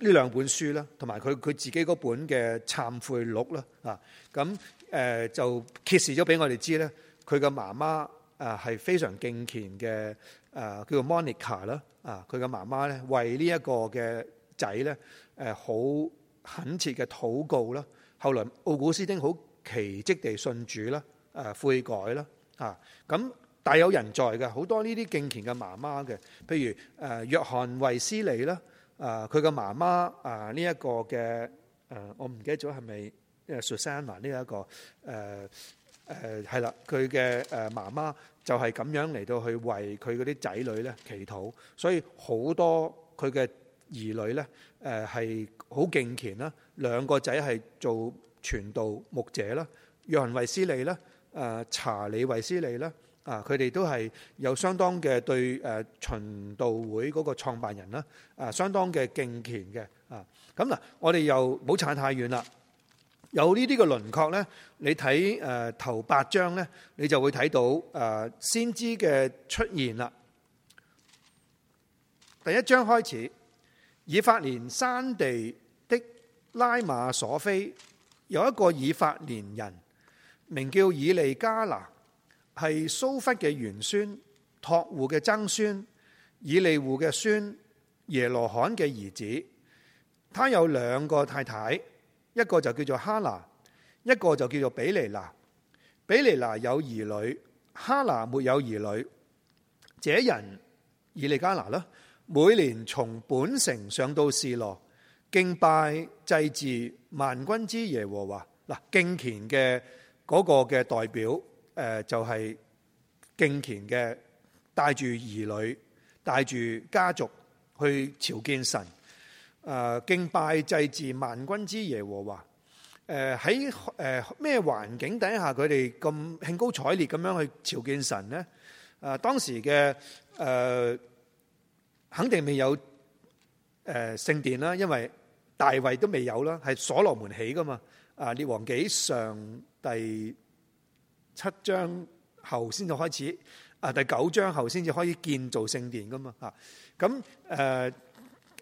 誒呢兩本書啦，同埋佢佢自己嗰本嘅懺悔錄啦，啊，咁、啊、誒就揭示咗俾我哋知咧，佢嘅媽媽啊係非常敬虔嘅誒、啊，叫做 Monica 啦啊，佢嘅媽媽咧為這的呢一個嘅仔咧誒好懇切嘅禱告啦、啊，後來奧古斯丁好奇蹟地信主啦，誒、啊、悔改啦啊咁。啊啊啊啊大有人在嘅，好多呢啲敬虔嘅媽媽嘅，譬如誒、呃、約翰維斯利啦，誒佢嘅媽媽啊呢一個嘅誒、呃，我唔記得咗係咪 Susanna 呢、這、一個誒誒係啦，佢嘅誒媽媽就係咁樣嚟到去為佢嗰啲仔女咧祈禱，所以好多佢嘅兒女咧誒係好敬虔啦，兩個仔係做傳道牧者啦，約翰維斯利啦，誒、呃、查理維斯利啦。啊！佢哋都係有相當嘅對誒循道會嗰個創辦人啦，啊，相當嘅敬虔嘅啊！咁嗱，我哋又唔好扯太遠啦。有呢啲嘅輪廓咧，你睇誒頭八章咧，你就會睇到誒先知嘅出現啦。第一章開始，以法蓮山地的拉馬所菲有一個以法蓮人，名叫以利加拿。係蘇弗嘅玄孫，託戶嘅曾孫，以利戶嘅孫，耶羅罕嘅兒子。他有兩個太太，一個就叫做哈拿，一個就叫做比利娜。比利娜有兒女，哈拿沒有兒女。這人以利加拿啦，每年從本城上到示羅敬拜祭祀萬軍之耶和華，嗱敬虔，嘅嗰個嘅代表。誒就係、是、敬虔嘅，帶住兒女、帶住家族去朝見神。誒敬拜祭祀萬軍之耶和華。誒喺誒咩環境底下，佢哋咁興高采烈咁樣去朝見神呢？誒當時嘅誒、呃、肯定未有誒聖殿啦，因為大衛都未有啦，係所羅門起噶嘛。誒列王紀上第七章後先至開始，啊第九章後先至開始建造聖殿噶嘛，啊咁誒，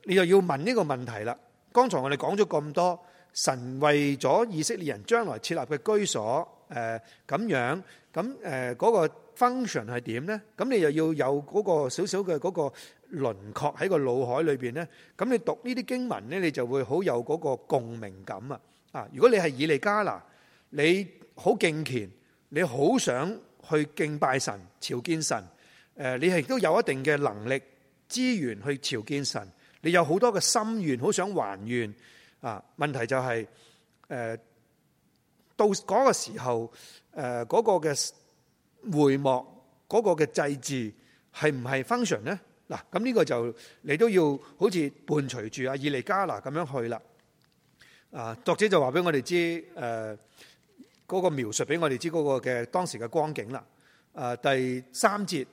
你又要問呢個問題啦。剛才我哋講咗咁多，神為咗以色列人將來設立嘅居所，誒咁樣，咁誒嗰個 function 係點咧？咁你又要有嗰個少少嘅嗰個輪廓喺個腦海裏邊咧，咁你讀呢啲經文咧，你就會好有嗰個共鳴感啊！啊，如果你係以利加拿，你好敬虔。你好想去敬拜神、朝見神，誒，你亦都有一定嘅能力資源去朝見神，你有好多嘅心願，好想還願啊！問題就係、是、誒、啊，到嗰個時候，誒、啊、嗰、那個嘅回幕，嗰、那個嘅祭祀係唔係 function 呢？嗱，咁呢個就你都要好似伴隨住阿以利加拿咁樣去啦。啊，作者就話俾我哋知誒。啊嗰、那個描述俾我哋知嗰個嘅當時嘅光景啦、啊。第三節，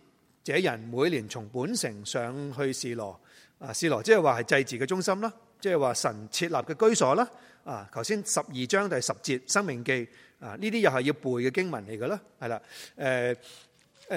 這人每年從本城上去示羅。啊，示羅即係話係祭祀嘅中心啦，即係話神設立嘅居所啦。啊，頭先十二章第十節《申命記》啊，呢啲又係要背嘅經文嚟嘅啦係啦。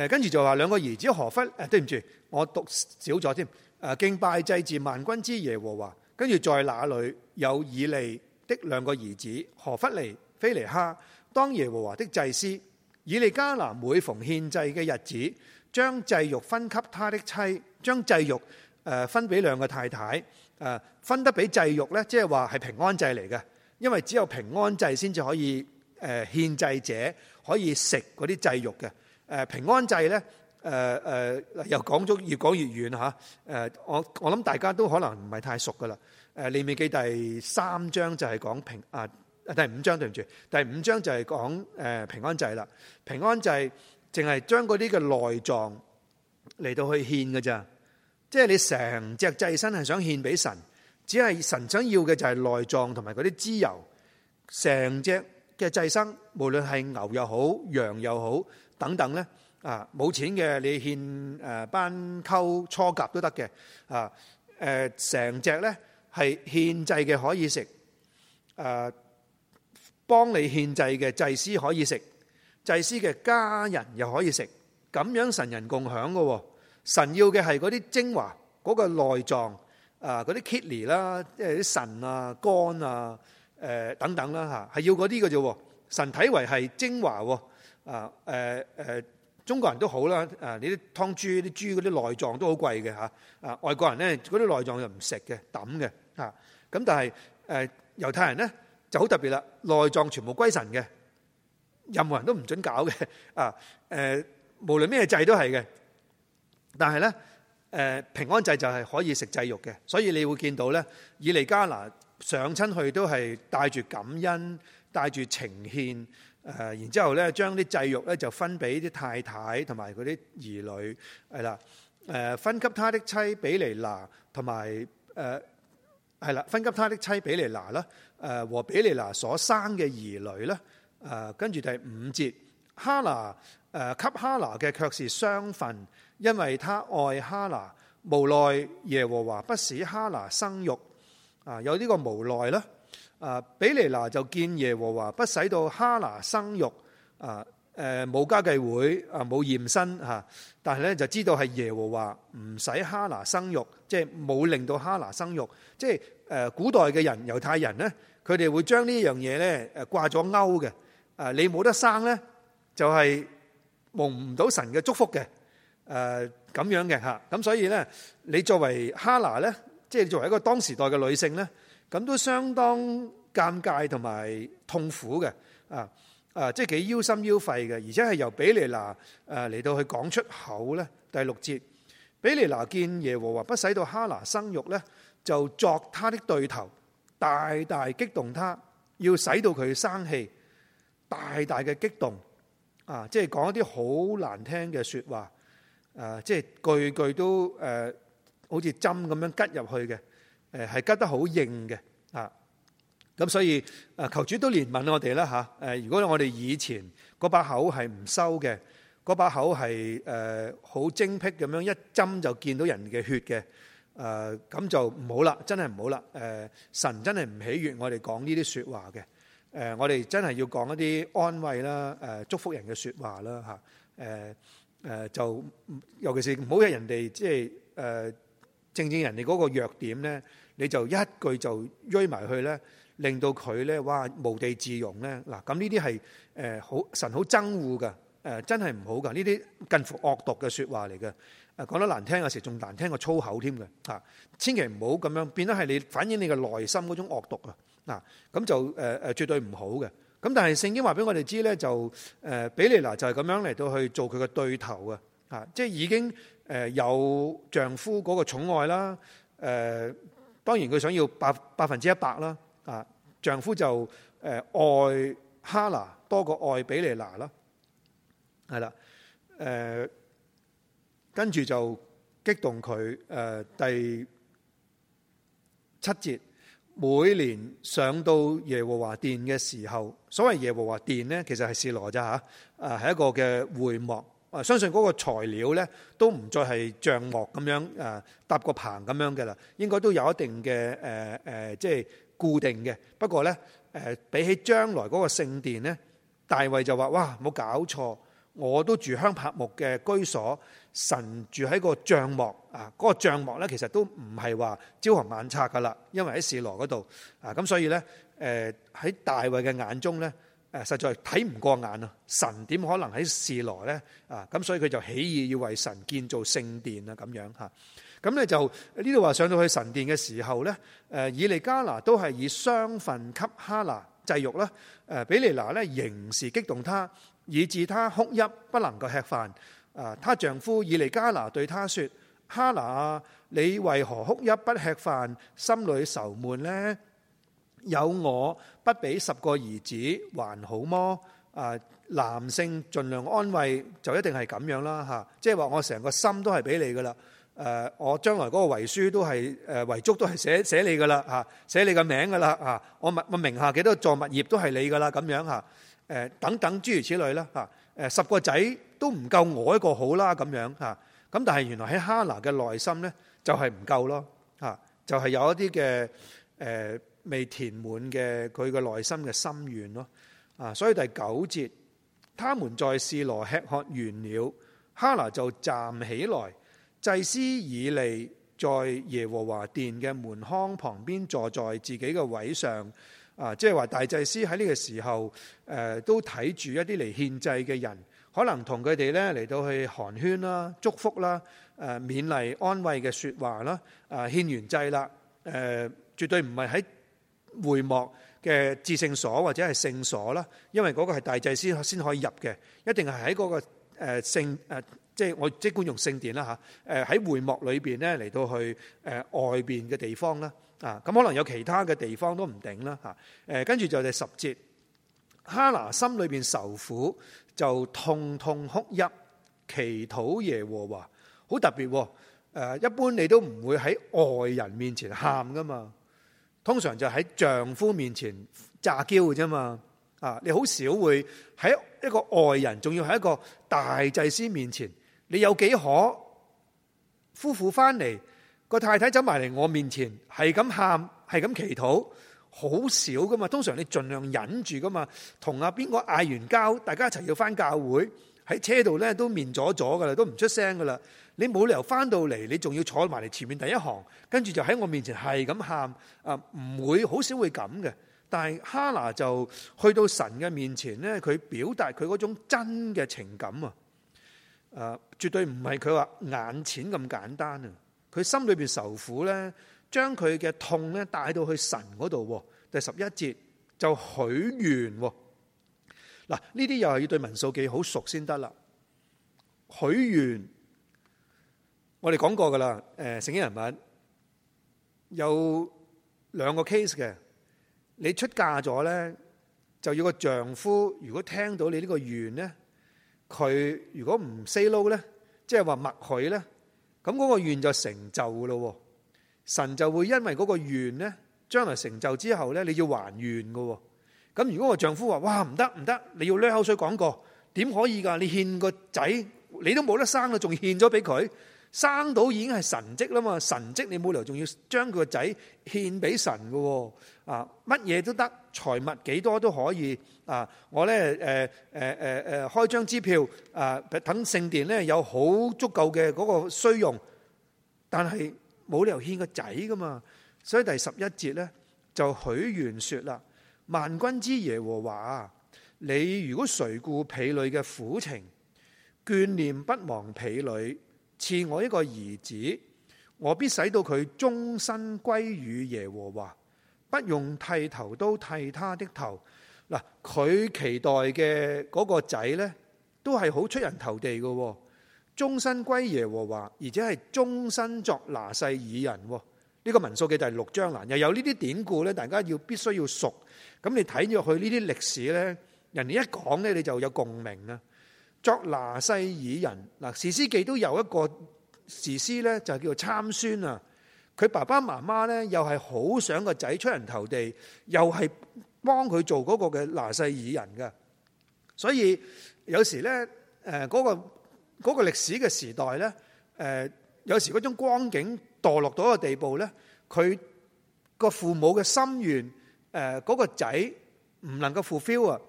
跟住就話兩個兒子何忽誒、啊，對唔住，我讀少咗添。誒、啊、敬拜祭祀萬軍之耶和華，跟住在那裏有以利的兩個兒子何弗尼、非尼哈。當耶和華的祭司以利加拿每逢獻祭嘅日子，將祭肉分給他的妻，將祭肉誒分俾兩個太太，誒分得俾祭肉咧，即係話係平安祭嚟嘅，因為只有平安祭先至可以誒獻、呃、祭者可以食嗰啲祭肉嘅。誒、呃、平安祭咧，誒、呃、誒、呃、又講咗越講越遠吓。誒、啊、我我諗大家都可能唔係太熟噶啦。誒利未記第三章就係講平啊。第五章對唔住，第五章就係講誒平安祭啦。平安祭淨係將嗰啲嘅內臟嚟到去獻嘅咋，即係你成隻祭牲係想獻俾神，只係神想要嘅就係內臟同埋嗰啲脂油。成隻嘅祭牲，無論係牛又好、羊又好等等咧，啊冇錢嘅你獻誒斑鳩、雛鴿都得嘅，啊誒成隻咧係獻祭嘅可以食，誒、啊。幫你獻祭嘅祭司可以食，祭司嘅家人又可以食，咁樣神人共享嘅喎。神要嘅係嗰啲精華，嗰、個內臟啊，嗰啲 kidney 啦，即係啲腎啊、肝啊、誒、呃、等等啦嚇，係要嗰啲嘅啫。神睇為係精華喎。啊誒誒，中國人都好啦。啊，你啲劏豬啲豬嗰啲內臟都好貴嘅嚇。啊、呃，外國人咧嗰啲內臟又唔食嘅抌嘅嚇。咁、呃、但係誒、呃、猶太人咧。就好特別啦，內臟全部歸神嘅，任何人都唔准搞嘅啊！誒、呃，無論咩祭都係嘅，但係咧誒平安祭就係可以食祭肉嘅，所以你會見到咧，以利加拿上親去都係帶住感恩、帶住呈獻誒、呃，然之後咧將啲祭肉咧就分俾啲太太同埋嗰啲兒女係啦，誒、呃、分給他的妻毗尼拿同埋誒。係啦，分給他的妻毗尼拿啦，誒和毗尼拿所生嘅兒女啦。誒跟住第五節，哈拿誒給哈拿嘅卻是雙份，因為他愛哈拿，無奈耶和華不使哈拿生育，啊有呢個無奈啦，啊毗尼拿就見耶和華不使到哈拿生育啊。誒冇家計會啊，冇驗身嚇，但係咧就知道係耶和華唔使哈拿生育，即係冇令到哈拿生育，即係誒古代嘅人猶太人咧，佢哋會將呢樣嘢咧誒掛咗鈎嘅，誒你冇得生咧，就係望唔到神嘅祝福嘅，誒咁樣嘅嚇，咁所以咧你作為哈拿咧，即係作為一個當時代嘅女性咧，咁都相當尷尬同埋痛苦嘅啊。啊，即係幾憂心憂肺嘅，而且係由毗尼拿誒嚟到去講出口咧。第六節，毗尼拿見耶和華不使到哈拿生育咧，就作他的對頭，大大激動他，要使到佢生氣，大大嘅激動啊！即係講一啲好難聽嘅説話，誒、啊，即係句句都誒、啊，好似針咁樣吉入去嘅，誒，係吉得好硬嘅啊！咁所以，誒、啊、求主都憐憫我哋啦嚇！誒、啊啊，如果我哋以前嗰把口係唔收嘅，嗰把口係誒好精闢咁樣一針就見到人嘅血嘅，誒、啊、咁就唔好啦，真係唔好啦！誒、啊、神真係唔喜悅我哋講呢啲説話嘅，誒、啊、我哋真係要講一啲安慰啦、誒、啊、祝福人嘅説話啦嚇，誒、啊、誒、啊、就尤其是唔好有人哋即係誒正正人哋嗰個弱點咧，你就一句就鋥埋去咧。令到佢咧，哇，無地自容咧。嗱，咁呢啲係誒好神好憎惡噶，誒真係唔好噶。呢啲近乎惡毒嘅説話嚟嘅。誒講得難聽有時仲難聽過粗口添嘅。嚇，千祈唔好咁樣，變得係你反映你嘅內心嗰種惡毒啊。嚇，咁就誒誒絕對唔好嘅。咁但係聖經話俾我哋知咧，就誒比利娜就係咁樣嚟到去做佢嘅對頭啊。嚇，即係已經誒有丈夫嗰個寵愛啦。誒，當然佢想要百百分之一百啦。啊，丈夫就誒愛哈拿多過愛比利拿啦，係啦，誒跟住就激動佢誒、呃、第七節，每年上到耶和華殿嘅時候，所謂耶和華殿咧，其實係士羅咋吓，啊、呃、係一個嘅會幕，啊、呃、相信嗰個材料咧都唔再係帳幕咁樣啊、呃、搭個棚咁樣嘅啦，應該都有一定嘅誒誒，即係。固定嘅，不過呢，誒、呃、比起將來嗰個聖殿呢，大衛就話：哇，冇搞錯，我都住香柏木嘅居所，神住喺個帳幕啊！嗰、那個帳幕呢，其實都唔係話朝行晚拆噶啦，因為喺示羅嗰度啊，咁所以呢，誒、呃、喺大衛嘅眼中呢，誒、啊、實在睇唔過眼啊！神點可能喺示羅呢？啊？咁所以佢就起意要為神建造聖殿啊，咁樣嚇。咁咧就呢度話上到去神殿嘅時候呢，以利加拿都係以雙份給哈拿祭肉啦。誒，比利拿呢，仍是激動他，以致他哭泣不能夠吃飯。啊，他丈夫以利加拿對他說：哈拿，你為何哭泣不吃飯？心裏愁悶呢？有我不俾十個兒子還好麼？啊，男性盡量安慰就一定係咁樣啦嚇，即係話我成個心都係俾你噶啦。誒，我將來嗰個遺書都係誒遺囑都係寫寫你噶啦嚇，寫你個名噶啦嚇，我物我名下幾多座物業都係你噶啦咁樣嚇誒，等等諸如此類啦嚇誒，十個仔都唔夠我一個好啦咁樣嚇，咁但係原來喺哈拿嘅內心呢，就係唔夠咯嚇，就係有一啲嘅誒未填滿嘅佢嘅內心嘅心願咯啊，所以第九節，他們在示羅吃喝完了，哈拿就站起來。祭司以利在耶和華殿嘅門框旁邊坐在自己嘅位上，啊，即係話大祭司喺呢個時候，誒、呃，都睇住一啲嚟獻祭嘅人，可能同佢哋呢嚟到去寒暄啦、祝福啦、誒、呃、勉勵安慰嘅說話啦，啊、呃、獻完祭啦，誒、呃、絕對唔係喺會幕嘅至聖所或者係聖所啦，因為嗰個係大祭司先可以入嘅，一定係喺嗰個誒聖誒。呃即係我即係即管用聖殿啦嚇，誒喺會幕裏邊咧嚟到去誒外邊嘅地方啦，啊咁可能有其他嘅地方都唔定啦嚇，誒跟住就係十節，哈拿心裏邊受苦就痛痛哭泣，祈禱耶和華，好特別誒，一般你都唔會喺外人面前喊噶嘛，通常就喺丈夫面前詐嬌嘅啫嘛，啊你好少會喺一個外人，仲要喺一個大祭司面前。你有幾可夫婦翻嚟，個太太走埋嚟我面前，係咁喊，係咁祈禱，好少噶嘛，通常你盡量忍住噶嘛。同阿邊個嗌,完交，大家一齊要翻教會喺車度咧，都面阻阻噶啦，都唔出聲噶啦。你冇理由翻到嚟，你仲要坐埋嚟前面第一行，跟住就喺我面前係咁喊啊？唔會好少會咁嘅。但係哈娜就去到神嘅面前咧，佢表達佢嗰種真嘅情感啊！誒、啊，絕對唔係佢話眼前咁簡單啊！佢心裏邊受苦咧，將佢嘅痛咧帶到去神嗰度，啊。第十一節就許願。嗱、啊，呢啲又係要對民數記好熟先得啦。許願，我哋講過噶啦。誒，聖經人物有兩個 case 嘅，你出嫁咗咧，就要個丈夫，如果聽到你呢個願咧。佢如果唔 say no 咧，即係話默許咧，咁嗰個願就成就噶咯。神就會因為嗰個願咧，將來成就之後咧，你要還願噶。咁如果個丈夫話：哇，唔得唔得，你要甩口水講過，點可以噶？你欠個仔，你都冇得生啦，仲欠咗俾佢。生到已經係神蹟啦嘛，神蹟，你冇理由仲要將佢個仔獻俾神嘅喎啊！乜嘢都得，財物幾多都可以啊！我咧誒誒誒誒開張支票啊，等聖殿咧有好足夠嘅嗰個需用，但係冇理由獻個仔噶嘛，所以第十一節咧就許願說啦，萬軍之耶和華，你如果垂顧婢女嘅苦情，眷念不忘婢女，賜我一個兒子，我必使到佢終身歸與耶和華，不用剃頭都剃他的頭。嗱，佢期待嘅嗰個仔呢，都係好出人頭地嘅，終身歸耶和華，而且係終身作拿細耳人。呢、這個民數記，第六章難，又有呢啲典故呢，大家要必須要熟。咁你睇咗去呢啲歷史呢，人哋一講呢，你就有共鳴啊！作拿細耳人嗱，士師記都有一個士師咧，就係叫做參孫啊。佢爸爸媽媽咧又係好想個仔出人頭地，又係幫佢做嗰個嘅拿細耳人噶。所以有時咧，誒嗰個嗰個歷史嘅時代咧，誒有時嗰種光景墮落到一個地步咧，佢個父母嘅心願，誒、那、嗰個仔唔能夠 fulfill 啊。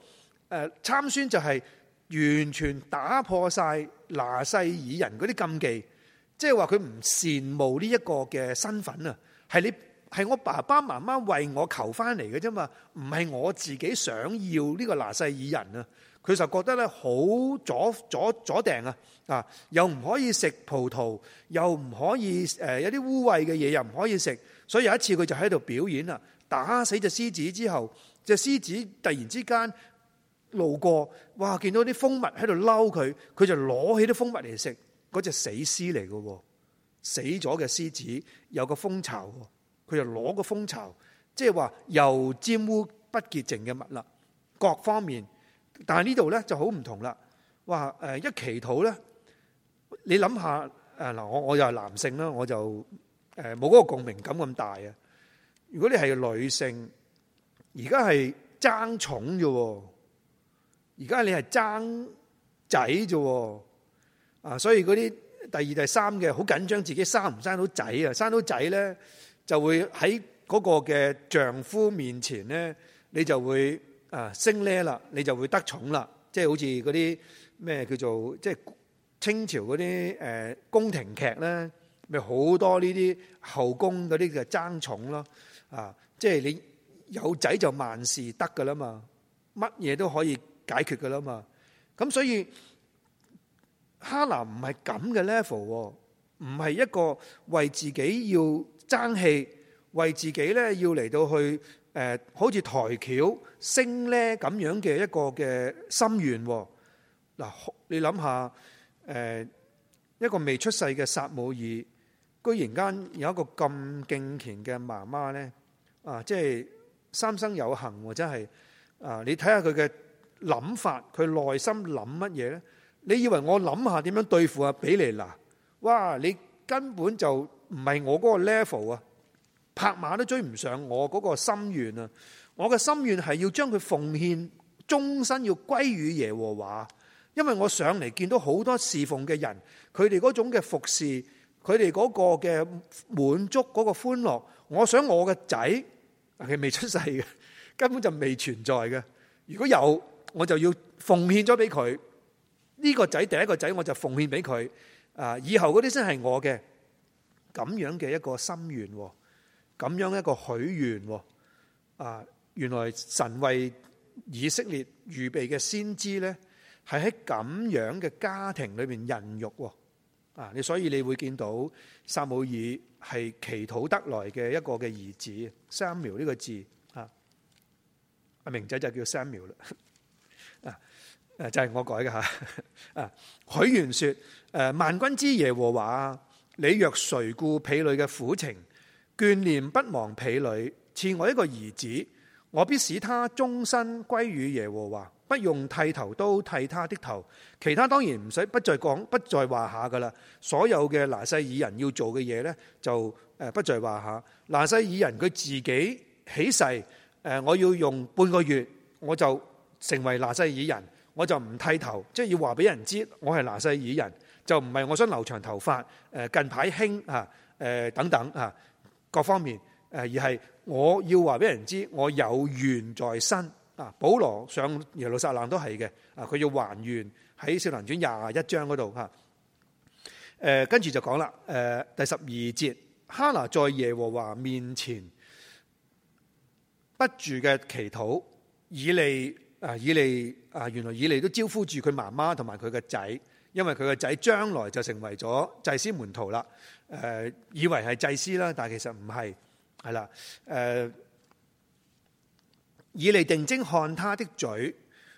誒參孫就係、是。完全打破晒拿細耳人嗰啲禁忌，即係話佢唔羨慕呢一個嘅身份啊！係你係我爸爸媽媽為我求翻嚟嘅啫嘛，唔係我自己想要呢個拿細耳人啊！佢就覺得咧好阻阻，阻，阻定啊！啊，又唔可以食葡萄，又唔可以誒、呃、有啲污穢嘅嘢，又唔可以食。所以有一次佢就喺度表演啊，打死隻獅子之後，隻獅子突然之間。路過，哇！見到啲蜂蜜喺度嬲佢，佢就攞起啲蜂蜜嚟食。嗰隻死獅嚟嘅，死咗嘅獅子有個蜂巢，佢就攞個蜂巢，即係話又沾污不潔淨嘅物啦。各方面，但係呢度咧就好唔同啦。哇！誒，一祈禱咧，你諗下誒嗱，我我又係男性啦，我就誒冇嗰個共鳴感咁大啊。如果你係女性，而家係爭寵嘅。在而家你係爭仔啫，啊！所以嗰啲第二、第三嘅好緊張，自己生唔生到仔啊？生到仔咧，就會喺嗰個嘅丈夫面前咧，你就會啊升叻啦，你就會得寵啦。即係好似嗰啲咩叫做即係清朝嗰啲誒宮廷劇咧，咪好多呢啲後宮嗰啲嘅爭寵咯。啊！即係你有仔就萬事得噶啦嘛，乜嘢都可以。解決噶啦嘛，咁所以哈拿唔係咁嘅 level，唔係一個為自己要爭氣，為自己咧要嚟到去誒、呃，好似抬轎升咧咁樣嘅一個嘅心願。嗱、呃，你諗下誒、呃，一個未出世嘅撒母耳，居然間有一個咁敬虔嘅媽媽咧，啊，即係三生有幸，真係啊！你睇下佢嘅諗法，佢內心諗乜嘢呢？你以為我諗下點樣對付阿、啊、比利亞？哇！你根本就唔係我嗰個 level 啊，拍馬都追唔上我嗰個心願啊！我嘅心願係要將佢奉獻終身，要歸於耶和華。因為我上嚟見到好多侍奉嘅人，佢哋嗰種嘅服侍，佢哋嗰個嘅滿足，嗰、嗰個歡樂，我想我嘅仔，佢未出世嘅，根本就未存在嘅。如果有，我就要奉獻咗俾佢呢個仔，第一個仔我就奉獻俾佢啊！以後嗰啲先係我嘅，咁樣嘅一個心願，咁樣一個許願啊！原來神為以色列預備嘅先知咧，係喺咁樣嘅家庭裏面孕育啊！你所以你會見到撒母耳係祈禱得來嘅一個嘅兒子，Samuel 呢個字啊，阿明仔就叫 Samuel 啦。啊誒，就係、是、我改嘅吓。啊，許願說：誒，萬軍之耶和華，你若垂顧婢女嘅苦情，眷念不忘婢女，賜我一個兒子，我必使他終身歸於耶和華，不用剃頭刀剃他的頭。其他當然唔使，不再講，不在話下噶啦。所有嘅拿細耳人要做嘅嘢呢，就誒不在話下。拿細耳人佢自己起誓：我要用半個月，我就。成為拿細耳人，我就唔剃頭，即係要話俾人知我係拿細耳人，就唔係我想留長頭髮。誒，近排興吓，誒等等吓，各方面誒，而係我要話俾人知我有願在身啊。保羅上耶路撒冷都係嘅啊，佢要還願喺《使徒行傳》廿一章嗰度吓。誒，跟住就講啦，誒，第十二節，哈拿在耶和華面前不住嘅祈禱，以利。啊！以利啊，原來以利都招呼住佢媽媽同埋佢嘅仔，因為佢嘅仔將來就成為咗祭司門徒啦。誒、呃，以為係祭司啦，但係其實唔係，係啦。誒、呃，以利定睛看他的嘴，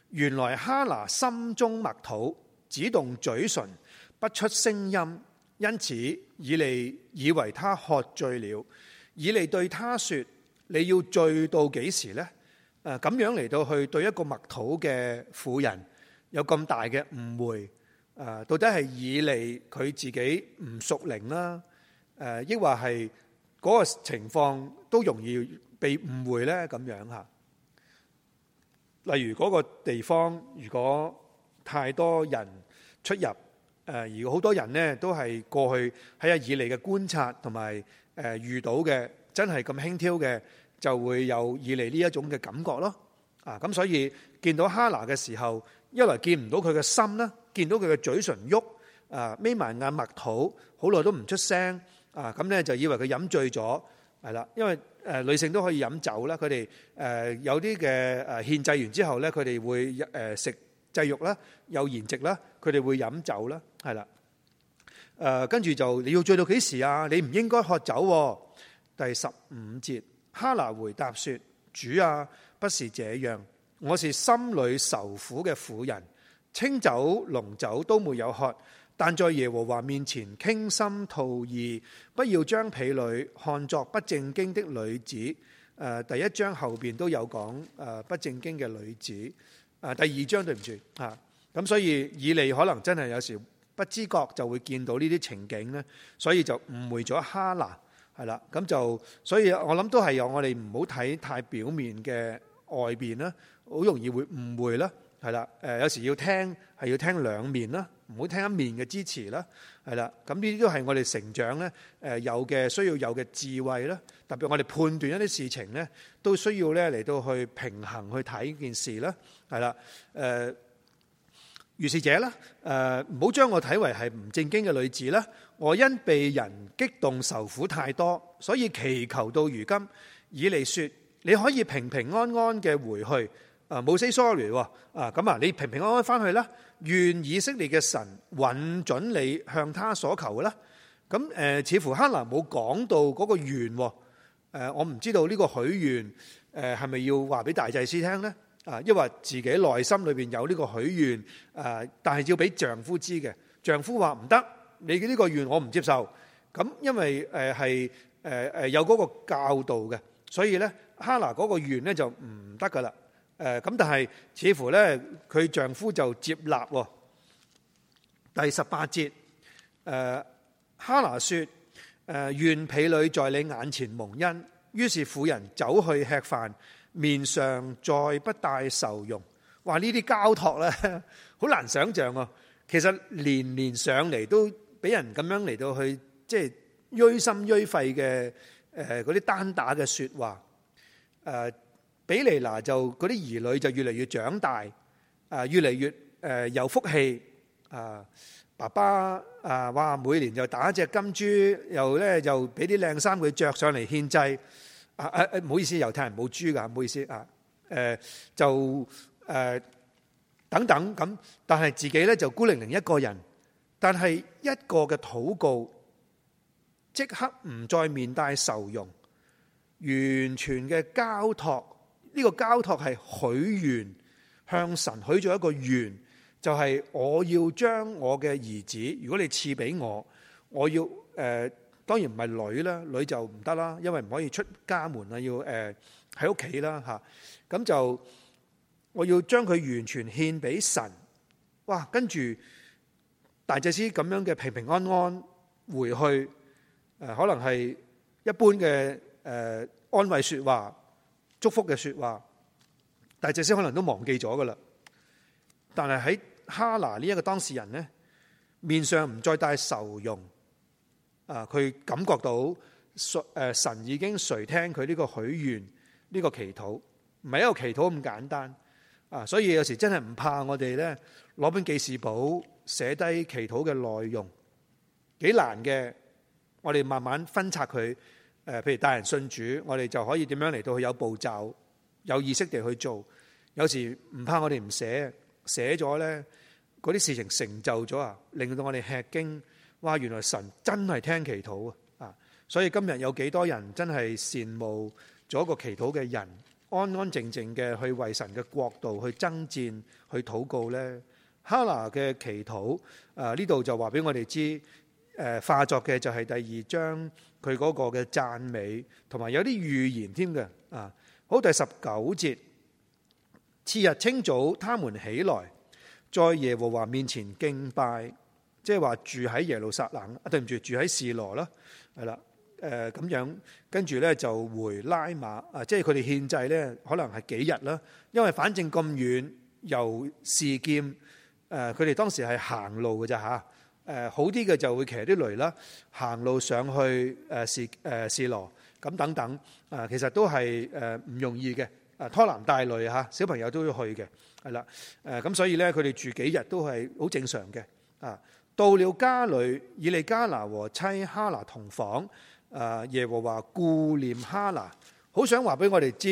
原來哈拿心中默禱，只動嘴唇，不出聲音，因此以利以為他喝醉了，以利對他說：你要醉到幾時呢？」誒咁樣嚟到去對一個默禱嘅婦人有咁大嘅誤會，誒到底係以利佢自己唔熟靈啦，誒抑或係嗰個情況都容易被誤會咧？咁樣下，例如嗰個地方如果太多人出入，誒而好多人呢都係過去喺一以利嘅觀察同埋誒遇到嘅真係咁輕佻嘅。就會有以嚟呢一種嘅感覺咯，啊咁所以見到哈拿嘅時候，因為見唔到佢嘅心啦，見到佢嘅嘴唇喐，啊眯埋眼默禱，好耐都唔出聲，啊咁咧就以為佢飲醉咗，係啦，因為誒女性都可以飲酒啦，佢哋誒有啲嘅誒獻祭完之後咧，佢哋會誒食祭肉啦，有筵席啦，佢哋會飲酒啦，係啦，誒跟住就你要醉到幾時啊？你唔應該喝酒喎，第十五節。哈拿回答說：主啊，不是這樣，我是心裏愁苦嘅婦人，清酒濃酒都沒有喝，但在耶和華面前傾心吐意。不要將婢女看作不正經的女子。誒，第一章後邊都有講誒不正經嘅女子。誒，第二章對唔住吓，咁所以以利可能真係有時不知覺就會見到呢啲情景呢，所以就誤會咗哈拿。係啦，咁就所以我諗都係有我哋唔好睇太表面嘅外邊啦，好容易會誤會啦。係啦，誒有時要聽係要聽兩面啦，唔好聽一面嘅支持啦。係啦，咁呢啲都係我哋成長咧，誒有嘅需要有嘅智慧啦。特別我哋判斷一啲事情咧，都需要咧嚟到去平衡去睇件事啦。係啦，誒。如是者啦，誒，唔好將我睇為係唔正經嘅女子啦。我因被人激動受苦太多，所以祈求到如今，以利說，你可以平平安安嘅回去。啊，冇 say sorry 喎，啊，咁啊，你平平安安翻去啦。願以色列嘅神允准你向他所求嘅啦。咁誒，似乎哈拿冇講到嗰個願，誒，我唔知道呢個許願，誒，係咪要話俾大祭司聽咧？啊，抑或自己內心裏邊有呢個許願，誒，但係要俾丈夫知嘅，丈夫話唔得，你嘅呢個願我唔接受。咁因為誒係誒誒有嗰個教導嘅，所以咧哈拿嗰個願咧就唔得噶啦。誒咁但係似乎咧佢丈夫就接納喎。第十八節，誒哈拿說，誒願婢女在你眼前蒙恩，於是婦人走去吃飯。面上再不帶愁容哇，話呢啲交託咧、啊，好難想象啊。其實年年上嚟都俾人咁樣嚟到去，即係鋭心鋭肺嘅誒嗰啲單打嘅説話。誒、呃、比尼拿就嗰啲兒女就越嚟越長大，誒、呃、越嚟越誒、呃、有福氣。啊、呃、爸爸啊，哇、呃、每年就打隻金豬，又咧又俾啲靚衫佢着，上嚟獻祭。啊啊啊！唔、啊、好意思，猶太人冇豬噶，唔好意思啊。誒，就、啊、誒等等咁，但係自己咧就孤零零一個人，但係一個嘅禱告，即刻唔再面帶愁容，完全嘅交託。呢、這個交托係許願，向神許咗一個願，就係、是、我要將我嘅兒子，如果你賜俾我，我要誒。呃當然唔係女啦，女就唔得啦，因為唔可以出家門啦，要誒喺屋企啦吓。咁就我要將佢完全獻俾神。哇，跟住大祭司咁樣嘅，平平安安回去，誒可能係一般嘅誒安慰說話、祝福嘅說話，大祭司可能都忘記咗噶啦。但係喺哈拿呢一個當事人咧，面上唔再帶愁容。啊！佢感覺到神誒神已經垂聽佢呢個許願呢個祈禱，唔係一個祈禱咁簡單啊！所以有時真係唔怕我哋咧，攞本記事簿寫低祈禱嘅內容，幾難嘅。我哋慢慢分拆佢誒，譬如大人信主，我哋就可以點樣嚟到去有步驟、有意識地去做。有時唔怕我哋唔寫，寫咗咧嗰啲事情成就咗啊，令到我哋吃驚。話原來神真係聽祈禱啊！所以今日有幾多人真係羨慕做一個祈禱嘅人，安安靜靜嘅去為神嘅國度去征戰、去禱告呢。哈拿嘅祈禱，誒呢度就話俾我哋知，誒化作嘅就係第二章佢嗰個嘅讚美，同埋有啲預言添嘅啊！好，第十九節，次日清早，他們起來，在耶和華面前敬拜。即係話住喺耶路撒冷啊，對唔住，住喺示羅啦，係啦，誒、呃、咁樣跟住咧就回拉馬啊、呃！即係佢哋獻祭咧，可能係幾日啦，因為反正咁遠，由示劍誒，佢、呃、哋當時係行路嘅咋。吓、呃，誒好啲嘅就會騎啲驢啦，行路上去誒示誒示羅咁等等啊、呃，其實都係誒唔容易嘅，拖男帶女吓，小朋友都要去嘅，係啦，誒、呃、咁所以咧佢哋住幾日都係好正常嘅啊。到了家裏，以利加拿和妻哈拿同房。啊，耶和華顧念哈拿，好想話俾我哋知，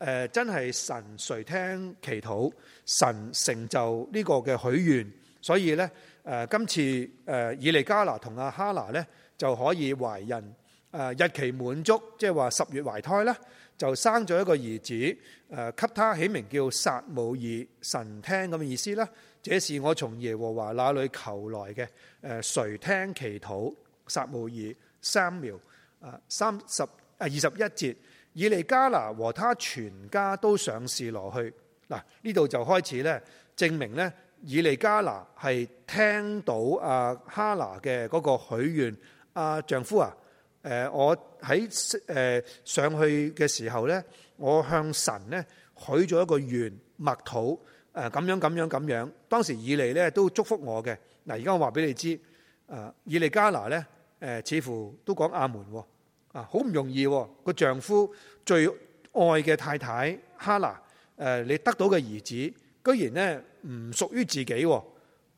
誒，真係神垂聽祈禱，神成就呢個嘅許願。所以咧，誒，今次誒，以利加拿同阿哈拿咧就可以懷孕。誒，日期滿足，即係話十月懷胎啦，就生咗一個兒子。誒，給他起名叫撒母耳，神聽咁嘅意思啦。這是我從耶和華那裏求來嘅。誒，誰聽祈禱？撒母耳三苗啊，三十啊二十一節，以利加拿和他全家都上示羅去。嗱，呢度就開始咧，證明咧，以利加拿係聽到啊哈拿嘅嗰個許願。啊丈夫啊，誒我喺誒上去嘅時候咧，我向神咧許咗一個願，麥土。誒咁樣咁樣咁樣，當時以利呢都祝福我嘅。嗱，而家我話俾你知，誒以利加拿呢，誒似乎都講阿門喎。啊，好唔容易喎，個丈夫最愛嘅太太哈拿，誒你得到嘅兒子，居然呢唔屬於自己，誒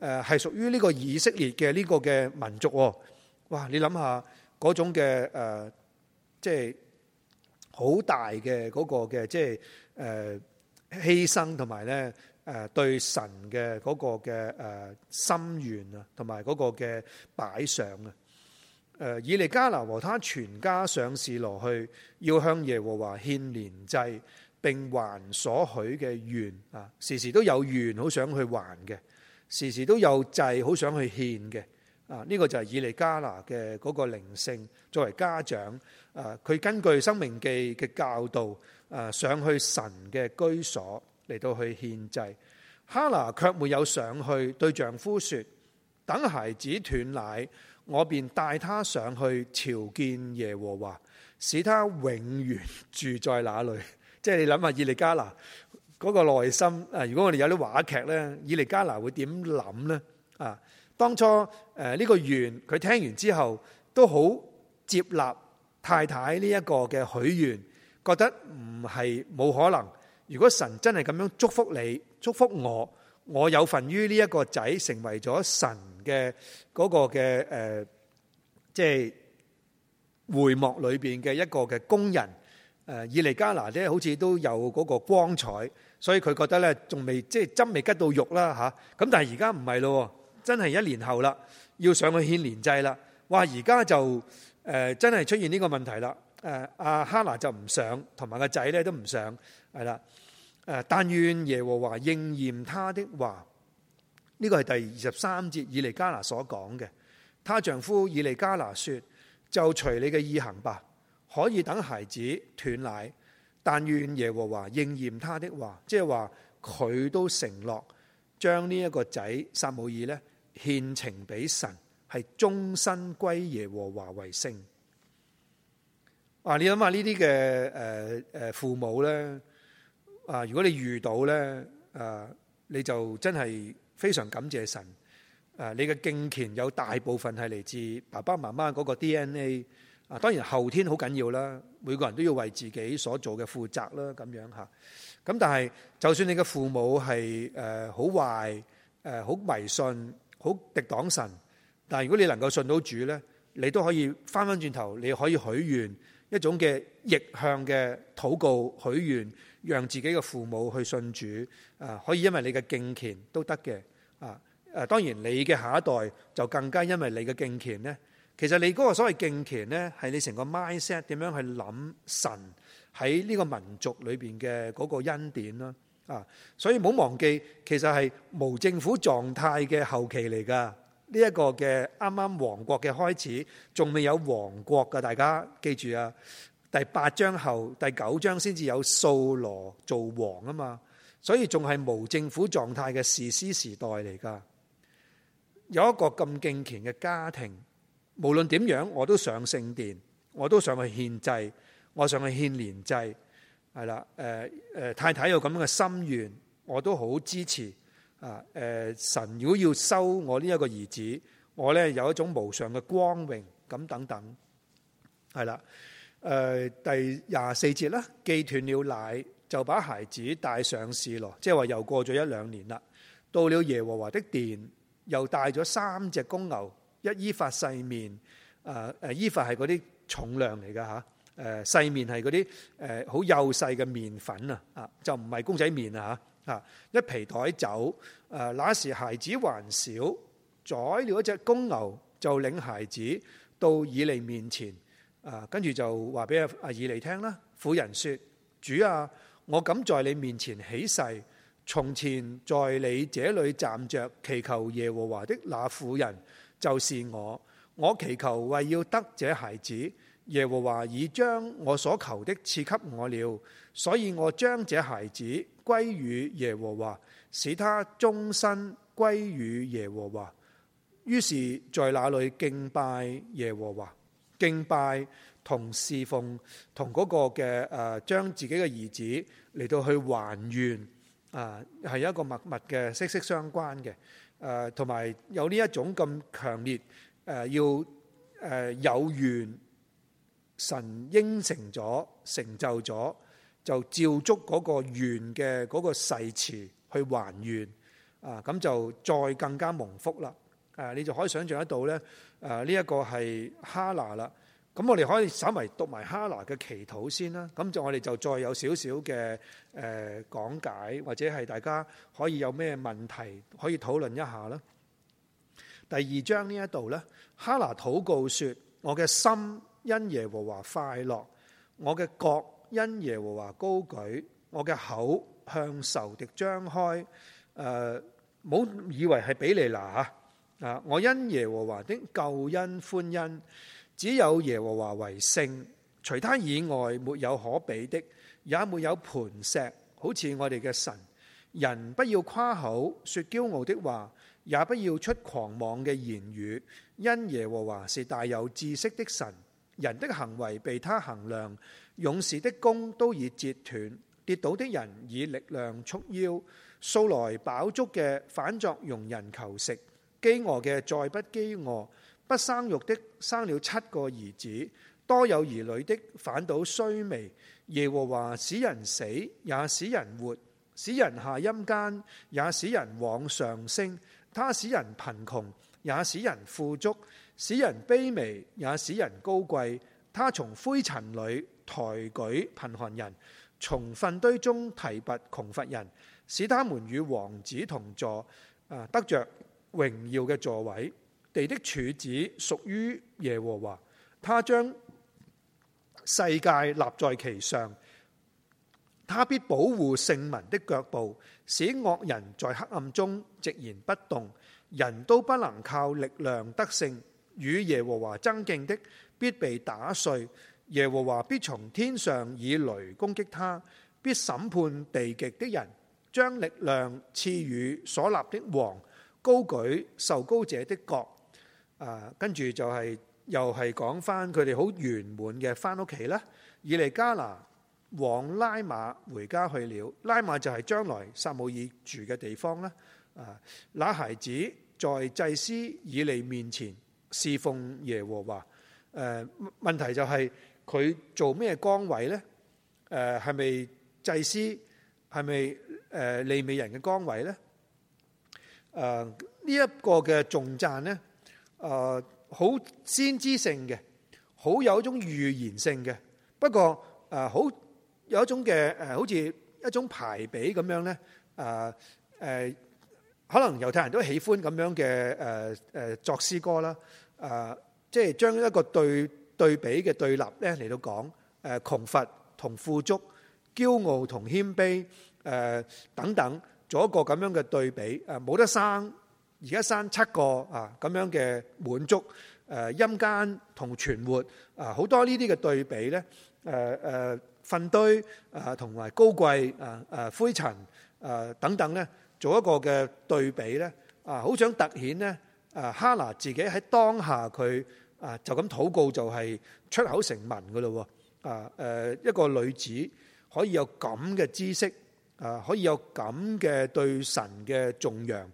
係屬於呢個以色列嘅呢個嘅民族。哇，你諗下嗰種嘅誒，即係好大嘅嗰、嗰個嘅即係誒、呃、犧牲同埋咧。誒，對神嘅嗰個嘅誒心願啊，同埋嗰個嘅擺上啊，誒，以利加拿和他全家上示羅去，要向耶和華獻年祭，並還所許嘅願啊，時時都有願好想去還嘅，時時都有祭好想去獻嘅，啊，呢個就係以利加拿嘅嗰個靈性，作為家長啊，佢根據申命記嘅教導，誒，上去神嘅居所。嚟到去獻祭，哈拿卻沒有上去，對丈夫說：等孩子斷奶，我便帶他上去朝見耶和華，使他永遠住在那裏。即係你諗下，以利加拿嗰個內心，啊，如果我哋有啲話劇咧，以利加拿會點諗咧？啊，當初誒呢個願，佢聽完之後都好接納太太呢一個嘅許願，覺得唔係冇可能。如果神真係咁樣祝福你，祝福我，我有份於呢、那個呃、一個仔成為咗神嘅嗰個嘅誒，即係會幕裏邊嘅一個嘅工人。誒、呃，以利加拿咧，好似都有嗰個光彩，所以佢覺得咧，仲未即係真未吉到肉啦吓。咁但係而家唔係咯，真係一年後啦，要上去獻年祭啦。哇！而家就誒、呃、真係出現呢個問題啦。誒、呃，阿哈拿就唔上，同埋個仔咧都唔上，係啦。誒，但願耶和華應驗他的話，呢個係第二十三節以利加拿所講嘅。他丈夫以利加拿說：就隨你嘅意行吧，可以等孩子斷奶。但願耶和華應驗他的話，即係話佢都承諾將呢一個仔撒母耳咧獻呈俾神，係終身歸耶和華為聖。啊，你諗下呢啲嘅誒誒父母咧？啊！如果你遇到呢，啊，你就真係非常感謝神。啊，你嘅敬虔有大部分係嚟自爸爸媽媽嗰個 DNA。啊，當然後天好緊要啦，每個人都要為自己所做嘅負責啦，咁樣嚇。咁但係就算你嘅父母係好壞、好迷信、好敵擋神，但係如果你能夠信到主呢，你都可以翻翻轉頭，你可以許願一種嘅逆向嘅禱告許願。許願讓自己嘅父母去信主，啊，可以因為你嘅敬虔都得嘅，啊，誒、啊，當然你嘅下一代就更加因為你嘅敬虔呢，其實你嗰個所謂敬虔呢，係你成個 mindset 點樣去諗神喺呢個民族裏邊嘅嗰個恩典啦，啊，所以唔好忘記，其實係無政府狀態嘅後期嚟噶，呢、這、一個嘅啱啱王國嘅開始，仲未有王國噶，大家記住啊！第八章後第九章先至有掃羅做王啊嘛，所以仲係無政府狀態嘅士師時代嚟噶。有一個咁敬虔嘅家庭，無論點樣，我都上聖殿，我都上去獻祭，我上去獻年祭，係啦。誒、呃、誒，太太有咁樣嘅心願，我都好支持啊。誒、呃，神如果要收我呢一個兒子，我呢有一種無上嘅光榮咁等等，係啦。誒、呃、第廿四節啦，既斷了奶，就把孩子帶上市，咯。即係話又過咗一兩年啦，到了耶和華的殿，又帶咗三隻公牛，一伊法細麵。誒、呃、誒，伊法係嗰啲重量嚟㗎嚇。誒、呃、細麵係嗰啲誒好幼細嘅麵粉啊，啊就唔係公仔麵啊嚇，啊一皮袋走。誒、呃、那時孩子還小，宰了一隻公牛，就領孩子到以利面前。啊，跟住就話俾阿阿以利聽啦。婦人說：主啊，我敢在你面前起誓，從前在你這裏站着祈求耶和華的那婦人就是我。我祈求為要得這孩子，耶和華已將我所求的賜給我了，所以我將這孩子歸與耶和華，使他終身歸與耶和華。於是，在那裏敬拜耶和華。敬拜同侍奉，同嗰個嘅誒，將、啊、自己嘅兒子嚟到去還願啊，係一個密切嘅息息相關嘅誒，同、啊、埋有呢一種咁強烈誒、啊，要誒、啊、有願神應承咗成就咗，就照足嗰個願嘅嗰個誓詞去還願啊，咁就再更加蒙福啦誒、啊、你就可以想象得到咧。誒呢一個係哈拿啦，咁我哋可以稍微讀埋哈拿嘅祈禱先啦，咁就我哋就再有少少嘅誒講解，或者係大家可以有咩問題可以討論一下啦。第二章呢一度呢，哈拿禱告説：我嘅心因耶和華快樂，我嘅角因耶和華高舉，我嘅口向仇敵張開。誒、呃，唔好以為係比利拿啊！我因耶和華的救恩歡欣，只有耶和華為聖，除他以外沒有可比的，也沒有磐石，好似我哋嘅神。人不要誇口說驕傲的話，也不要出狂妄嘅言語，因耶和華是大有知識的神。人的行為被他衡量，勇士的弓都已折斷，跌倒的人以力量束腰，素來飽足嘅反作用人求食。飢餓嘅再不飢餓，不生育的生了七個兒子，多有兒女的反倒衰微。耶和華使人死，也使人活；使人下陰間，也使人往上升。他使人貧窮，也使人富足；使人卑微，也使人高貴。他從灰塵裏抬舉貧寒人，從糞堆中提拔窮乏人，使他們與王子同坐。得着，榮耀嘅座位，地的柱子屬於耶和華，他將世界立在其上，他必保護聖民的腳步，使惡人在黑暗中寂然不動。人都不能靠力量得勝，與耶和華爭競的，必被打碎。耶和華必從天上以雷攻擊他，必審判地極的人，將力量賜予所立的王。高舉受膏者的角，啊，跟住就係、是、又係講翻佢哋好圓滿嘅翻屋企啦。以利加拿往拉馬回家去了，拉馬就係將來撒母耳住嘅地方啦。啊，那孩子在祭司以利面前侍奉耶和華。誒、啊，問題就係、是、佢做咩崗位呢？誒、啊，係咪祭司？係咪誒利未人嘅崗位呢？誒呢一個嘅頌讚咧，誒好先知性嘅，好有一種預言性嘅。不過誒好有一種嘅誒，好似一種排比咁樣咧。誒誒，可能猶太人都喜歡咁樣嘅誒誒作詩歌啦。誒即係將一個對對比嘅對立咧嚟到講，誒窮乏同富足，驕傲同謙卑，誒等等。做一個咁樣嘅對比，誒冇得生，而家生七個啊咁樣嘅滿足，誒陰間同存活啊，好多呢啲嘅對比咧，誒誒糞堆啊同埋高貴啊、啊灰塵啊等等咧，做一個嘅對比咧啊，好想突顯咧，誒哈拿自己喺當下佢啊就咁禱告就係出口成文噶嘞喎啊，誒一個女子可以有咁嘅知識。誒，可以有咁嘅對神嘅頌揚，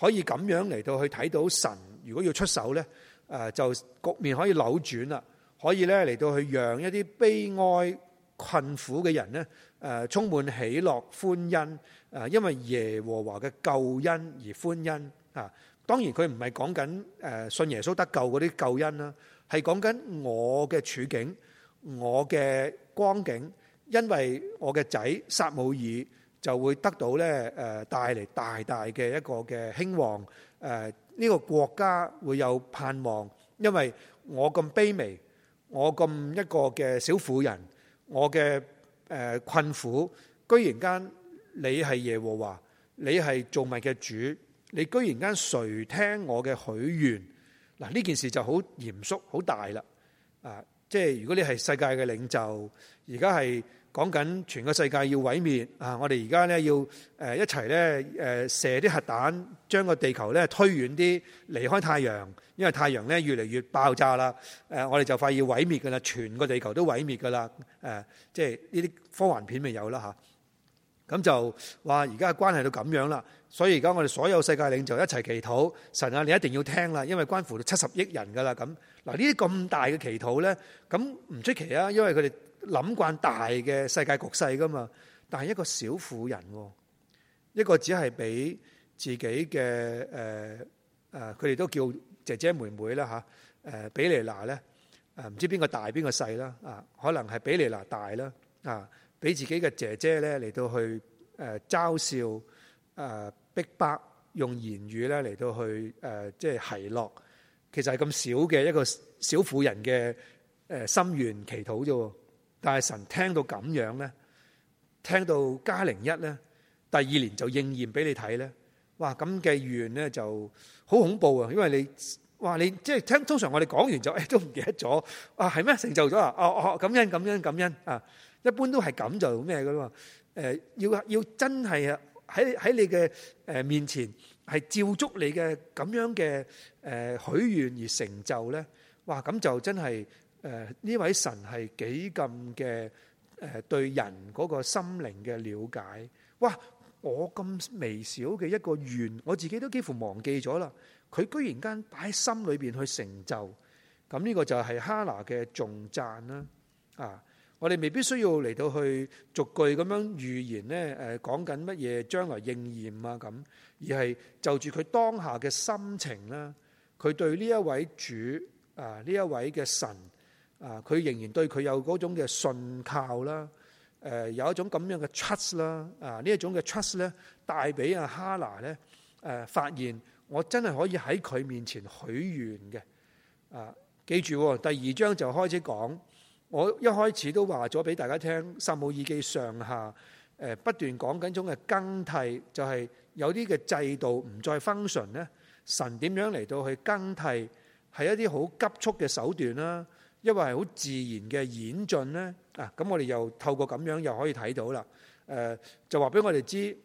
可以咁樣嚟到去睇到神如果要出手咧，誒，就局面可以扭轉啦。可以咧嚟到去讓一啲悲哀困苦嘅人咧，誒，充滿喜樂歡欣。誒，因為耶和華嘅救恩而歡欣啊。當然佢唔係講緊誒信耶穌得救嗰啲救恩啦，係講緊我嘅處境，我嘅光景，因為我嘅仔撒母耳。就會得到咧誒，帶嚟大大嘅一個嘅興旺誒，呢、這個國家會有盼望，因為我咁卑微，我咁一個嘅小婦人，我嘅誒困苦，居然間你係耶和華，你係造物嘅主，你居然間誰聽我嘅許願？嗱，呢件事就好嚴肅，好大啦啊！即係如果你係世界嘅領袖，而家係。講緊全個世界要毀滅啊！我哋而家呢要誒一齊呢誒射啲核彈，將個地球呢推遠啲，離開太陽，因為太陽呢越嚟越爆炸啦！誒，我哋就快要毀滅噶啦，全個地球都毀滅噶啦！誒，即係呢啲科幻片咪有啦吓。咁就話而家嘅關係到咁樣啦，所以而家我哋所有世界領袖一齊祈禱，神啊，你一定要聽啦，因為關乎到七十億人噶啦咁。嗱呢啲咁大嘅祈禱呢，咁唔出奇啊，因為佢哋。諗慣大嘅世界局勢噶嘛，但係一個小婦人，一個只係俾自己嘅誒誒，佢、呃、哋、呃、都叫姐姐、妹妹啦吓誒。比尼娜咧誒、唔、呃、知邊個大邊個細啦啊？可能係比尼娜大啦啊，俾自己嘅姐姐咧嚟到去誒、呃、嘲笑誒逼、呃、迫，用言語咧嚟到去誒，即係奚落，其實係咁少嘅一個小婦人嘅誒、呃、心願祈禱啫。但係神聽到咁樣咧，聽到加零一咧，第二年就應驗俾你睇咧。哇！咁嘅願咧就好恐怖啊，因為你哇你即係聽通常我哋講完就，誒都唔記得咗啊係咩成就咗啊？哦哦感恩感恩感恩啊！一般都係咁就咩噶啦嘛？誒要要真係喺喺你嘅誒面前係照足你嘅咁樣嘅誒許願而成就咧？哇！咁就真係。誒呢位神係幾咁嘅誒對人嗰個心靈嘅了解？哇！我咁微小嘅一個願，我自己都幾乎忘記咗啦。佢居然間擺喺心裏面去成就。咁、這、呢個就係哈拿嘅重贊啦。啊！我哋未必需要嚟到去逐句咁樣預言呢，誒講緊乜嘢將來應驗啊咁，而係就住佢當下嘅心情啦，佢對呢一位主啊呢一位嘅神。啊！佢仍然對佢有嗰種嘅信靠啦，誒、呃、有一種咁樣嘅 trust 啦、啊，啊呢一種嘅 trust 咧，帶俾阿哈拿咧誒發現，我真係可以喺佢面前許願嘅。啊，記住、哦、第二章就開始講，我一開始都話咗俾大家聽，《撒母耳記》上下誒、呃、不斷講緊種嘅更替，就係、是、有啲嘅制度唔再 function 咧，神點樣嚟到去更替，係一啲好急促嘅手段啦。因為係好自然嘅演進呢，啊咁，我哋又透過咁樣又可以睇到啦。誒、呃、就話俾我哋知，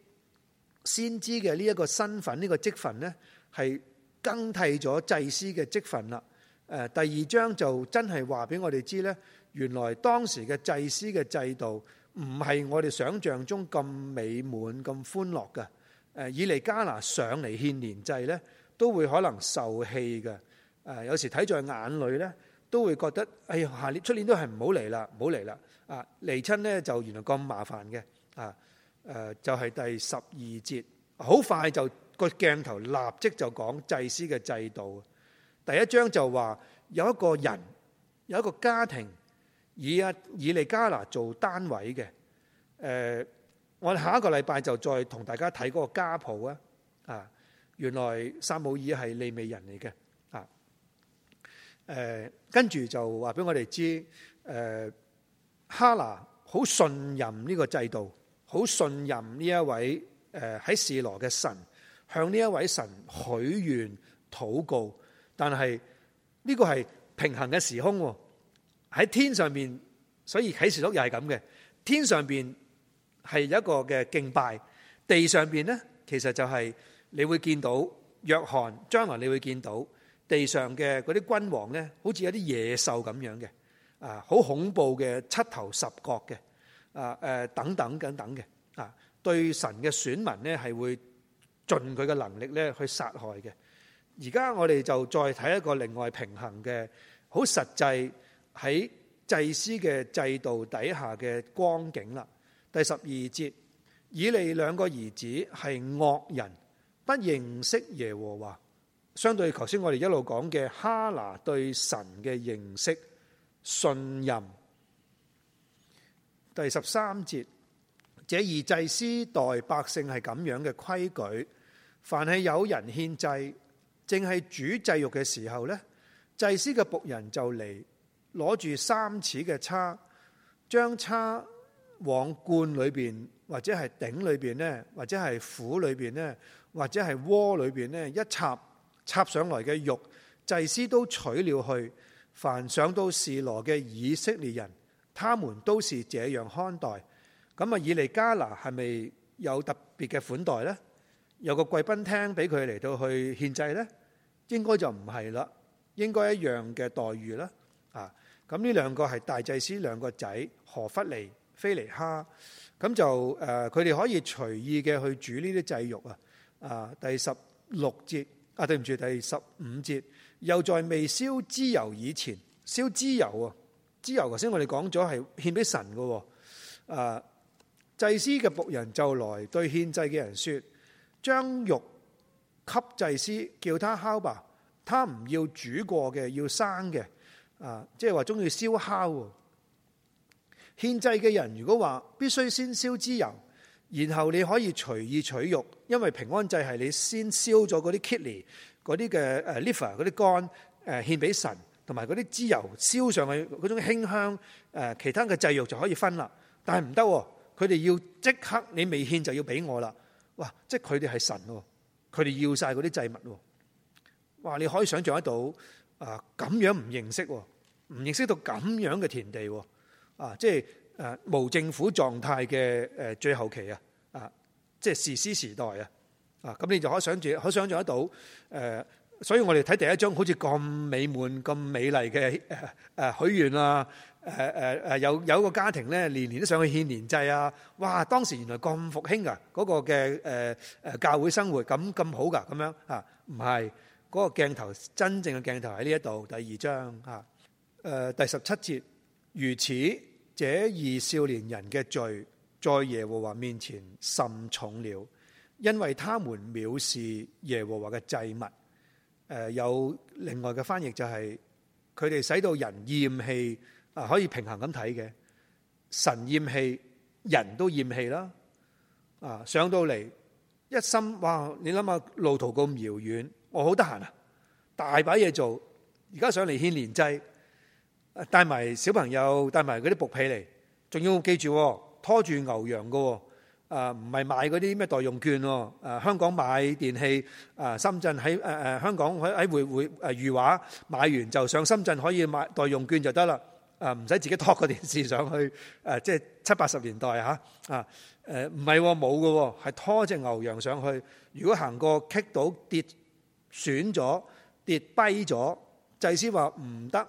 先知嘅呢一個身份呢、呢個職份呢，係更替咗祭司嘅職份啦。誒、呃、第二章就真係話俾我哋知呢，原來當時嘅祭司嘅制度唔係我哋想象中咁美滿、咁歡樂嘅。誒、呃、以利加拿上嚟獻年祭呢，都會可能受氣嘅。誒、呃、有時睇在眼裏呢。都會覺得，哎呀，下年出年都係唔好嚟啦，唔好嚟啦！啊，嚟親呢就原來咁麻煩嘅，啊，誒就係、是、第十二節，好快就個鏡頭立即就講祭司嘅制度。第一章就話有一個人有一個家庭以阿以利加拿做單位嘅，誒、啊，我哋下一個禮拜就再同大家睇嗰個家譜啊！啊，原來撒母耳係利未人嚟嘅。誒、呃，跟住就話俾我哋知，誒、呃，哈拿好信任呢個制度，好信任呢一位誒喺、呃、示羅嘅神，向呢一位神許願禱告。但係呢、這個係平行嘅時空喎，喺、哦、天上邊，所以啟示錄又係咁嘅。天上邊係一個嘅敬拜，地上邊咧，其實就係你會見到約翰，將來你會見到。地上嘅嗰啲君王咧，好似有啲野獸咁樣嘅，啊，好恐怖嘅，七頭十角嘅，啊，誒，等等等等嘅，啊，對神嘅選民咧係會盡佢嘅能力咧去殺害嘅。而家我哋就再睇一個另外平衡嘅，好實際喺祭司嘅制度底下嘅光景啦。第十二節，以利兩個兒子係惡人，不認識耶和華。相對頭先我哋一路講嘅哈拿對神嘅認識、信任。第十三節，這二祭司代百姓係咁樣嘅規矩。凡係有人獻祭，正係煮祭肉嘅時候呢，祭司嘅僕人就嚟攞住三齒嘅叉，將叉往罐裏邊或者係頂裏邊咧，或者係釜裏邊咧，或者係鍋裏邊咧一插。插上來嘅肉，祭司都取了去。凡上到士羅嘅以色列人，他們都是這樣看待。咁啊，以利加拿係咪有特別嘅款待呢？有個貴賓廳俾佢嚟到去獻祭呢？應該就唔係啦，應該一樣嘅待遇啦。啊，咁呢兩個係大祭司兩個仔何弗尼、菲尼哈，咁就誒，佢哋可以隨意嘅去煮呢啲祭肉啊。啊，第十六節。啊，對唔住，第十五節又在未燒脂油以前，燒脂油啊！脂油，頭先我哋講咗係獻俾神㗎喎、啊。祭司嘅僕人就來對獻祭嘅人說：將肉給祭司，叫他烤吧。他唔要煮過嘅，要生嘅。啊，即係話中意燒烤、啊。獻祭嘅人如果話必須先燒脂油。然後你可以隨意取肉，因為平安祭係你先燒咗嗰啲 kidney、嗰啲嘅誒 liver、嗰啲肝誒、呃、獻俾神，同埋嗰啲脂油燒上去那種，嗰種馨香誒其他嘅祭肉就可以分啦。但係唔得，佢哋要即刻你未獻就要俾我啦。哇！即係佢哋係神、啊，佢哋要晒嗰啲祭物、啊。哇！你可以想象得到、呃、這樣不啊，咁樣唔認識，唔認識到咁樣嘅田地啊，啊即係。誒無政府狀態嘅誒最後期啊！啊，即係士師時代啊！啊，咁你就可想象可想象得到誒，所以我哋睇第一章好似咁美滿、咁美麗嘅誒誒許願啊！誒誒誒有有一個家庭咧，年年都上去獻年祭啊！哇！當時原來咁復興㗎！嗰個嘅誒誒教會生活咁咁好噶，咁樣啊，唔係，嗰個鏡頭真正嘅鏡頭喺呢一度，第二章嚇誒第十七節如此。這二少年人嘅罪，在耶和華面前甚重了，因為他們藐視耶和華嘅祭物。誒、呃，有另外嘅翻譯就係佢哋使到人厭棄，啊、呃，可以平衡咁睇嘅，神厭棄，人都厭棄啦。啊、呃，上到嚟，一心哇，你諗下路途咁遙遠，我好得閒啊，大把嘢做，而家上嚟獻年祭。帶埋小朋友，帶埋嗰啲薄被嚟，仲要記住拖住牛羊嘅。啊，唔係買嗰啲咩代用券喎。啊，香港買電器，啊深圳喺誒誒香港喺喺會會誒裕華買完就上深圳可以買代用券就得啦。啊，唔使自己拖個電視上去。誒、啊，即係七八十年代嚇啊誒，唔係冇嘅，係拖隻牛羊上去。如果行過棘島跌損咗跌、跌低咗，祭司話唔得。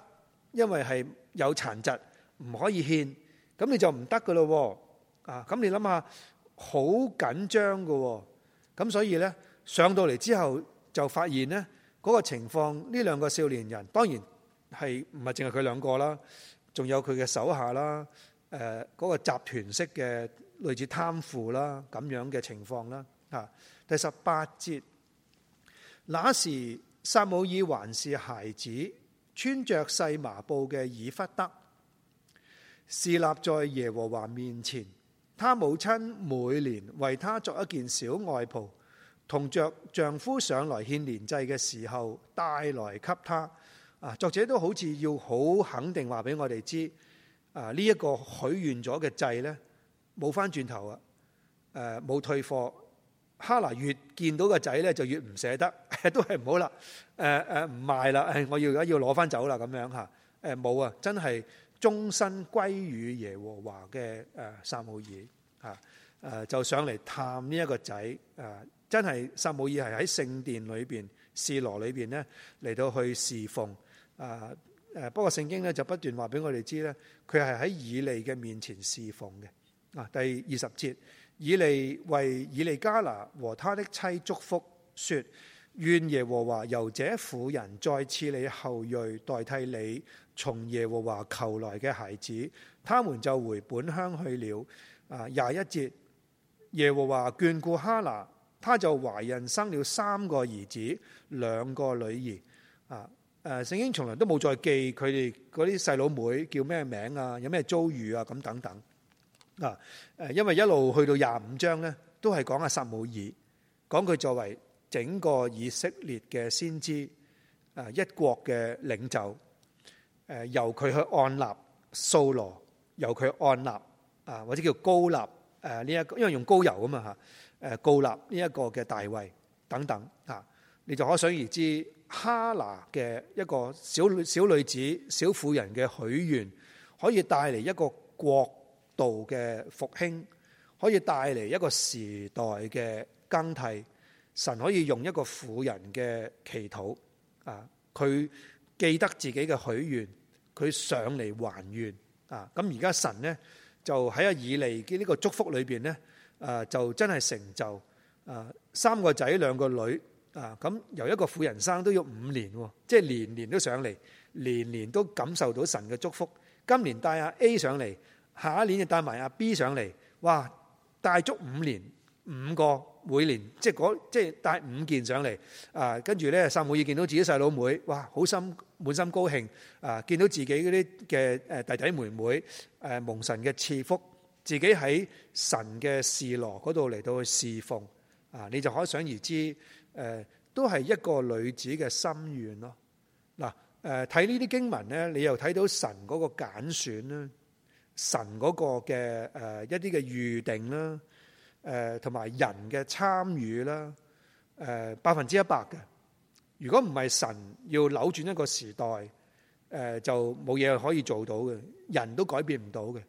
因為係有殘疾唔可以獻，咁你就唔得噶咯，啊！咁你諗下，好緊張噶，咁所以咧上到嚟之後就發現呢嗰、那個情況，呢兩個少年人當然係唔係淨係佢兩個啦，仲有佢嘅手下啦，誒、那、嗰個集團式嘅類似貪腐啦咁樣嘅情況啦，吓第十八節，那時撒母耳還是孩子。穿着細麻布嘅以弗得侍立在耶和華面前。他母親每年為他作一件小外袍，同着丈夫上來獻年祭嘅時候帶來給他。啊，作者都好似要好肯定話俾我哋知，啊呢一個許願咗嘅祭呢，冇翻轉頭啊，誒冇退貨。哈拿，越見到個仔咧，就越唔捨得，都係唔好啦。誒誒，唔賣啦，我要而家要攞翻走啦咁樣嚇。誒冇啊，真係終身歸於耶和華嘅誒撒母耳啊誒，就上嚟探呢一個仔。誒真係撒母耳係喺聖殿裏邊示羅裏邊呢嚟到去侍奉啊誒。不過聖經呢就不斷話俾我哋知咧，佢係喺以利嘅面前侍奉嘅啊。第二十節。以利為以利加拿和他的妻祝福，說：願耶和華由這婦人再賜你後裔，代替你從耶和華求來嘅孩子。他們就回本鄉去了。啊廿一節，耶和華眷顧哈拿，她就懷孕生了三個兒子，兩個女兒。啊誒，聖經從來都冇再記佢哋嗰啲細佬妹叫咩名啊，有咩遭遇啊，咁等等。啊！誒，因為一路去到廿五章咧，都係講阿撒母耳，講佢作為整個以色列嘅先知，誒一國嘅領袖，誒由佢去按立掃羅，由佢去按立啊，或者叫膏立誒呢一個，因為用膏油咁嘛，嚇，誒膏立呢一個嘅大位等等嚇，你就可想而知哈拿嘅一個小小女子、小婦人嘅許願，可以帶嚟一個國。道嘅復興可以帶嚟一個時代嘅更替，神可以用一個婦人嘅祈禱啊，佢記得自己嘅許願，佢上嚟還願啊。咁而家神呢，就喺阿以利嘅呢個祝福裏邊呢，誒就真係成就啊，三個仔兩個女啊。咁由一個婦人生都要五年，即係年年都上嚟，年年都感受到神嘅祝福。今年帶阿 A 上嚟。下一年就帶埋阿 B 上嚟，哇！帶足五年，五個每年即係嗰即係帶五件上嚟啊。跟住咧，三妹已見到自己細佬妹，哇！好心滿心高興啊，見到自己嗰啲嘅誒弟弟妹妹誒、呃、蒙神嘅賜福，自己喺神嘅示羅嗰度嚟到去侍奉啊。你就可想而知誒、啊，都係一個女子嘅心願咯。嗱、啊、誒，睇呢啲經文咧，你又睇到神嗰個揀選啦。神嗰個嘅誒一啲嘅預定啦，誒同埋人嘅參與啦，誒百分之一百嘅。如果唔係神要扭轉一個時代，誒就冇嘢可以做到嘅，人都改變唔到嘅。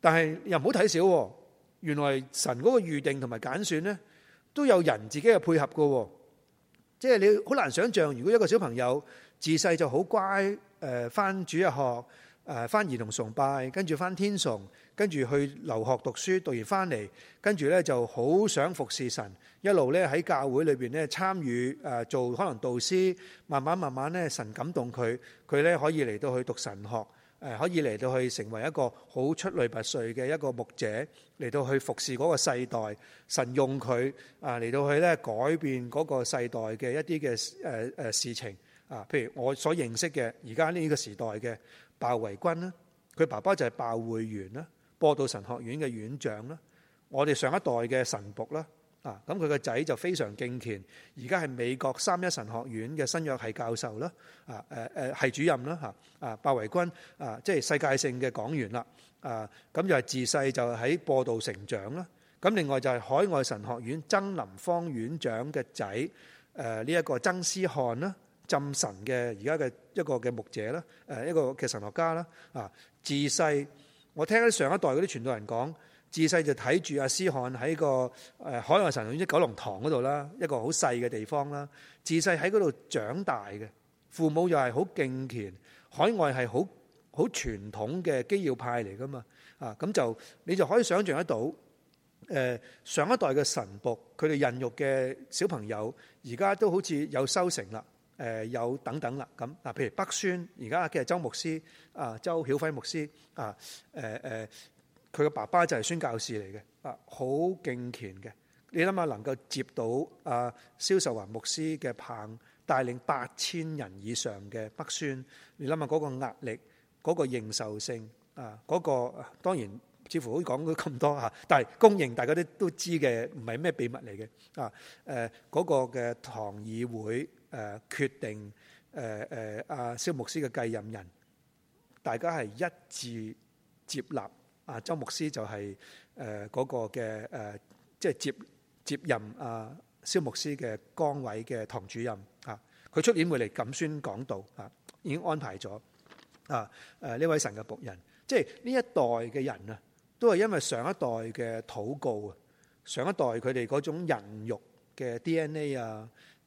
但係又唔好睇少，原來神嗰個預定同埋揀選咧，都有人自己嘅配合㗎。即係你好難想象，如果一個小朋友自細就好乖，誒返主日學。誒翻兒童崇拜，跟住翻天崇，跟住去留學讀書，讀完翻嚟，跟住呢就好想服侍神，一路呢喺教會裏邊呢參與誒做可能導師，慢慢慢慢呢神感動佢，佢呢可以嚟到去讀神學，誒可以嚟到去成為一個好出類拔萃嘅一個牧者，嚟到去服侍嗰個世代，神用佢啊嚟到去呢改變嗰個世代嘅一啲嘅誒誒事情啊，譬如我所認識嘅而家呢個時代嘅。鮑維均啦，佢爸爸就係鮑會園啦，播道神學院嘅院長啦，我哋上一代嘅神僕啦，啊，咁佢個仔就非常敬虔，而家係美國三一神學院嘅新約係教授啦，啊，誒誒係主任啦吓，啊，鮑維均啊，即係世界性嘅講員啦，啊，咁就係自細就喺播道成長啦，咁另外就係海外神學院曾霖芳院長嘅仔，誒呢一個曾思瀚啦。浸神嘅而家嘅一個嘅牧者啦，誒一個嘅神學家啦啊。自細我聽上一代嗰啲傳道人講，自細就睇住阿斯漢喺個誒海外神學院，即九龍塘嗰度啦，一個好細嘅地方啦。自細喺嗰度長大嘅，父母又係好敬虔，海外係好好傳統嘅基要派嚟噶嘛啊，咁就你就可以想象得到誒、呃、上一代嘅神僕，佢哋孕育嘅小朋友而家都好似有收成啦。誒、呃，有等等啦，咁嗱，譬如北宣，而家嘅周牧師，啊，周曉輝牧師，啊，誒、呃、誒，佢嘅爸爸就係宣教士嚟嘅，啊，好敬虔嘅，你諗下能夠接到啊，蕭壽華牧師嘅棒，帶領八千人以上嘅北宣。你諗下嗰個壓力，嗰、那個認受性，啊，嗰、那個、啊、當然，似乎好似講咗咁多吓、啊，但係公認，大家都都知嘅，唔係咩秘密嚟嘅，啊，誒、啊，嗰、啊那個嘅堂議會。誒，決定誒誒，阿、呃、肖、啊、牧師嘅繼任人，大家係一致接納啊。周牧師就係誒嗰個嘅誒，即係接接任阿肖、啊、牧師嘅崗位嘅堂主任啊。佢出年會嚟錦宣講道啊，已經安排咗啊。誒、啊、呢位神嘅僕人，即係呢一代嘅人啊，都係因為上一代嘅禱告啊，上一代佢哋嗰種人肉嘅 DNA 啊。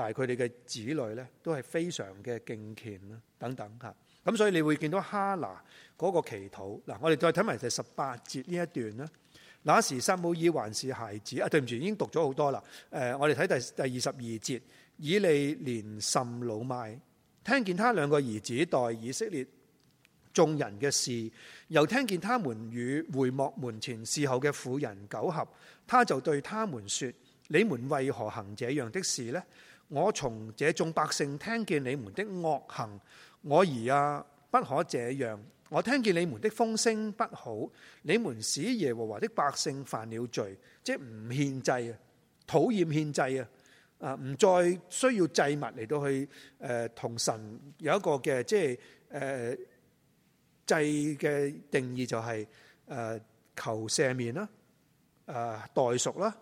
但佢哋嘅子女呢，都係非常嘅敬虔啦，等等哈。咁所以你會見到哈拿嗰個祈禱嗱，我哋再睇埋第十八節呢一段啦。那時撒母耳還是孩子，啊對唔住，已經讀咗好多啦。誒，我哋睇第第二十二節，以利連甚老邁聽見他兩個兒子代以色列眾人嘅事，又聽見他們與會幕門前侍候嘅婦人苟合，他就對他們說：「你們為何行這樣的事呢？」我從這眾百姓聽見你們的惡行，我兒啊，不可這樣！我聽見你們的風聲不好，你們使耶和華的百姓犯了罪，即係唔獻祭啊，討厭獻祭啊，啊唔再需要祭物嚟，到去誒同神有一個嘅即係誒祭嘅定義就係誒求赦免啦，誒代贖啦，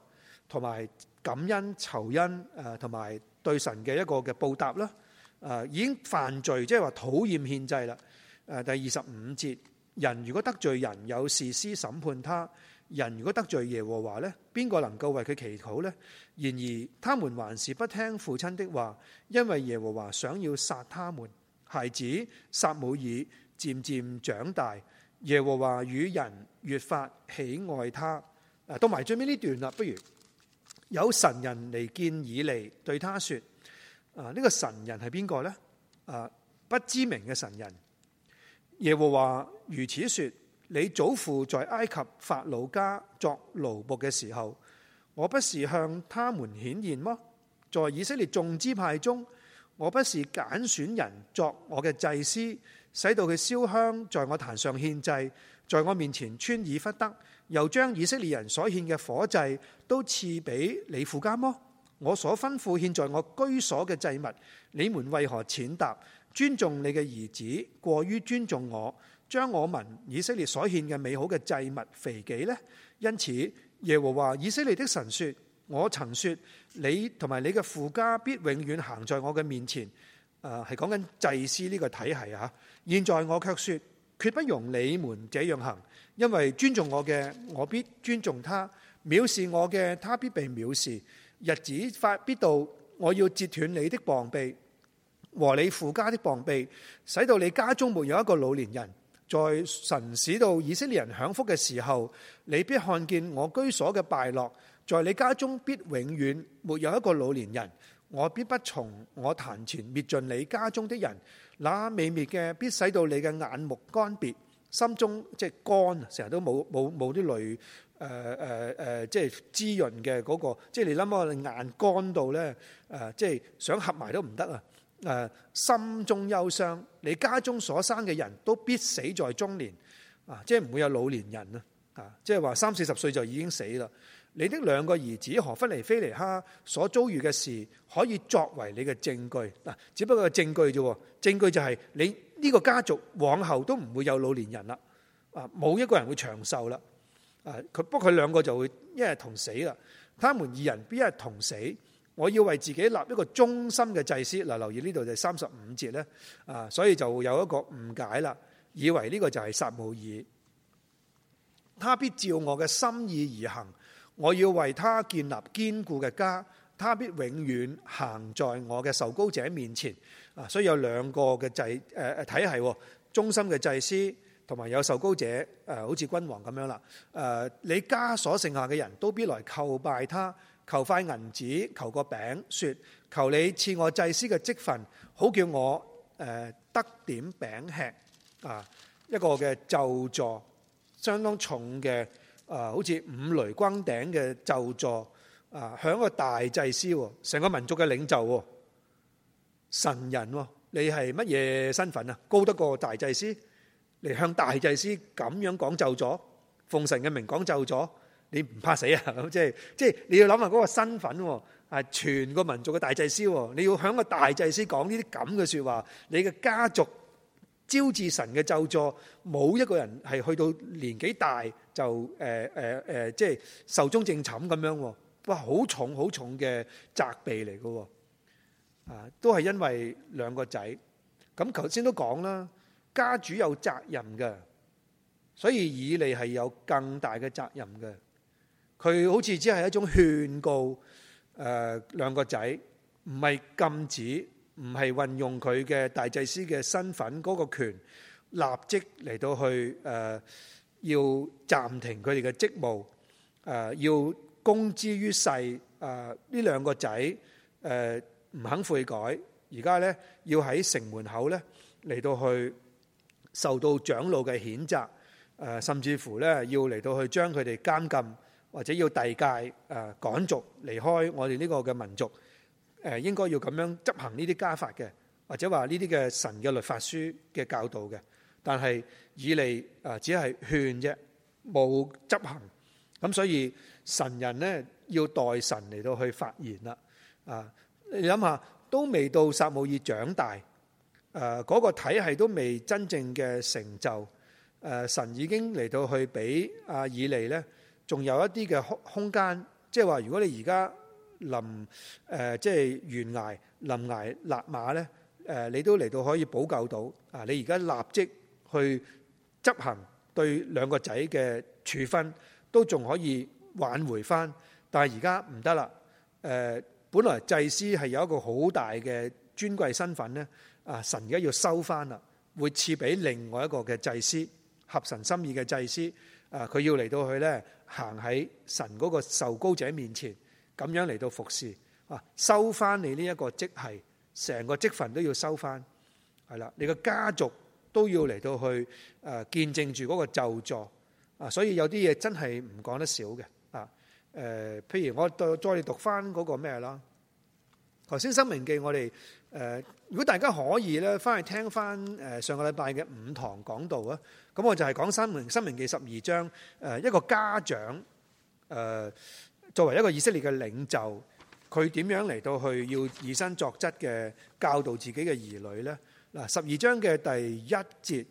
同埋感恩酬恩誒同埋。對神嘅一個嘅報答啦，啊，已經犯罪，即係話討厭獻祭啦。誒，第二十五節，人如果得罪人，有士師審判他；人如果得罪耶和華呢，邊個能夠為佢祈禱呢？」然而，他們還是不聽父親的話，因為耶和華想要殺他們。孩子撒母耳漸漸長大，耶和華與人越發喜愛他。啊，到埋最尾呢段啦，不如。有神人嚟見以利，對他說：啊，呢、這個神人係邊個呢？啊，不知名嘅神人。耶和華如此說：你祖父在埃及法老家作奴僕嘅時候，我不是向他們顯現麼？在以色列眾支派中，我不是揀選人作我嘅祭司，使到佢燒香在我壇上獻祭，在我面前穿以弗得。又將以色列人所獻嘅火祭都賜俾你父家麼？我所吩咐獻在我居所嘅祭物，你們為何踐踏？尊重你嘅兒子過於尊重我，將我民以色列所獻嘅美好嘅祭物肥己呢？因此耶和華以色列的神說：我曾說你同埋你嘅父家必永遠行在我嘅面前。誒、呃，係講緊祭司呢個體系啊！現在我却說，決不容你們這樣行。因為尊重我嘅，我必尊重他；藐視我嘅，他必被藐視。日子發必到，我要折斷你的膀臂和你父家的膀臂，使到你家中沒有一個老年人。在神使到以色列人享福嘅時候，你必看見我居所嘅敗落，在你家中必永遠沒有一個老年人。我必不從我壇前滅盡你家中的人，那未滅嘅必使到你嘅眼目乾癟。心中即係乾，成日都冇冇冇啲淚，誒誒誒，即係滋潤嘅嗰個，即係你諗下你眼乾到咧，誒、呃，即係想合埋都唔得啊！誒、呃，心中憂傷，你家中所生嘅人都必死在中年啊！即係唔會有老年人啊！即係話三四十歲就已經死啦！你的兩個兒子何弗尼、非尼哈所遭遇嘅事，可以作為你嘅證據嗱、啊，只不過係證據啫，證據就係你。呢、這個家族往後都唔會有老年人啦，啊，冇一個人會長壽啦，啊，佢不佢兩個就會一日同死啊，他們二人必一日同死。我要為自己立一個忠心嘅祭司，嗱，留意呢度就係三十五節咧，啊，所以就有一個誤解啦，以為呢個就係撒母耳，他必照我嘅心意而行，我要為他建立堅固嘅家。他必永遠行在我嘅受膏者面前，啊！所以有兩個嘅祭誒誒體系，忠心嘅祭司同埋有受膏者，誒好似君王咁樣啦。誒、啊，你家所剩下嘅人都必來叩拜他，求塊銀子，求個餅，説：求你賜我祭司嘅職分，好叫我誒得點餅吃。啊，一個嘅咒詛，相當重嘅，啊，好似五雷轟頂嘅咒詛。啊！響個大祭司，成個民族嘅領袖，神人，你係乜嘢身份啊？高得過大祭司？你向大祭司咁樣講咒咗，奉神嘅名講咒咗，你唔怕死啊？咁即係即係你要諗下嗰個身份、啊，係全個民族嘅大祭司、啊。你要響個大祭司講呢啲咁嘅說話，你嘅家族招致神嘅咒助，冇一個人係去到年紀大就誒誒誒，即係壽終正寢咁樣、啊。哇！好重好重嘅責備嚟嘅，啊，都係因為兩個仔。咁頭先都講啦，家主有責任嘅，所以以利係有更大嘅責任嘅。佢好似只係一種勸告，誒兩個仔，唔係禁止，唔係運用佢嘅大祭司嘅身份嗰個權，立即嚟到去誒，要暫停佢哋嘅職務，誒要。公之於世，啊、呃！呢兩個仔，誒、呃、唔肯悔改，而家呢，要喺城門口呢嚟到去受到長老嘅譴責，誒、呃、甚至乎呢要嚟到去將佢哋監禁，或者要遞解誒趕逐離開我哋呢個嘅民族，誒、呃、應該要咁樣執行呢啲家法嘅，或者話呢啲嘅神嘅律法書嘅教導嘅，但係以利啊、呃、只係勸啫，冇執行，咁所以。神人呢要代神嚟到去發言啦。啊，你諗下都未到撒母耳長大，誒、呃、嗰、那個體系都未真正嘅成就，誒、呃、神已經嚟到去俾阿、啊、以利呢，仲有一啲嘅空空間，即係話如果你而家臨誒即係懸崖臨崖勒馬呢，誒、呃、你都嚟到可以補救到啊！你而家立即去執行對兩個仔嘅處分，都仲可以。挽回翻，但係而家唔得啦。誒、呃，本來祭司係有一個好大嘅尊貴身份咧，啊，神而家要收翻啦，會賜俾另外一個嘅祭司，合神心意嘅祭司。啊，佢要嚟到去呢，行喺神嗰個受膏者面前，咁樣嚟到服侍。啊，收翻你呢一個職系，成個職份都要收翻，係啦，你嘅家族都要嚟到去誒、啊、見證住嗰個咒詛。啊，所以有啲嘢真係唔講得少嘅。誒，譬如我再再讀翻嗰個咩啦？頭先《申命記》，我哋誒，如果大家可以咧，翻去聽翻誒上個禮拜嘅五堂講道啊，咁我就係講申《申命申命記》十二章誒、呃，一個家長誒、呃，作為一個以色列嘅領袖，佢點樣嚟到去要以身作則嘅教導自己嘅兒女咧？嗱，十二章嘅第一節誒、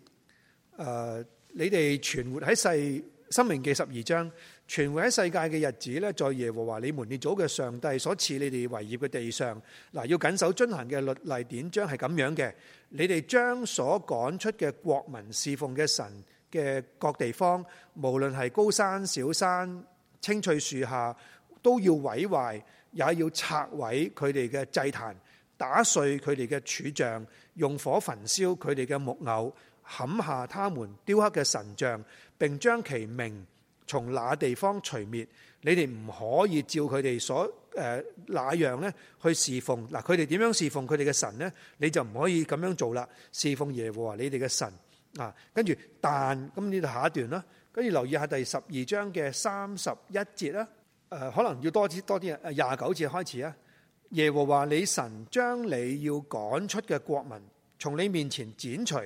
呃，你哋存活喺世，《申命記》十二章。存活喺世界嘅日子呢，在耶和華你們列祖嘅上帝所賜你哋為業嘅地上，嗱，要謹守遵行嘅律例典章係咁樣嘅。你哋將所趕出嘅國民侍奉嘅神嘅各地方，無論係高山小山、青翠樹下，都要毀壞，也要拆毀佢哋嘅祭壇，打碎佢哋嘅柱像，用火焚燒佢哋嘅木偶，砍下他們雕刻嘅神像，並將其名。從那地方除滅，你哋唔可以照佢哋所誒那、呃、樣咧去侍奉。嗱、呃，佢哋點樣侍奉佢哋嘅神咧？你就唔可以咁樣做啦。侍奉耶和華你哋嘅神啊。跟住，但咁呢度下一段啦。跟住留意下第十二章嘅三十一節啦。誒、呃，可能要多啲多啲嘢。廿九節開始啊。耶和華你神將你要趕出嘅國民從你面前剪除，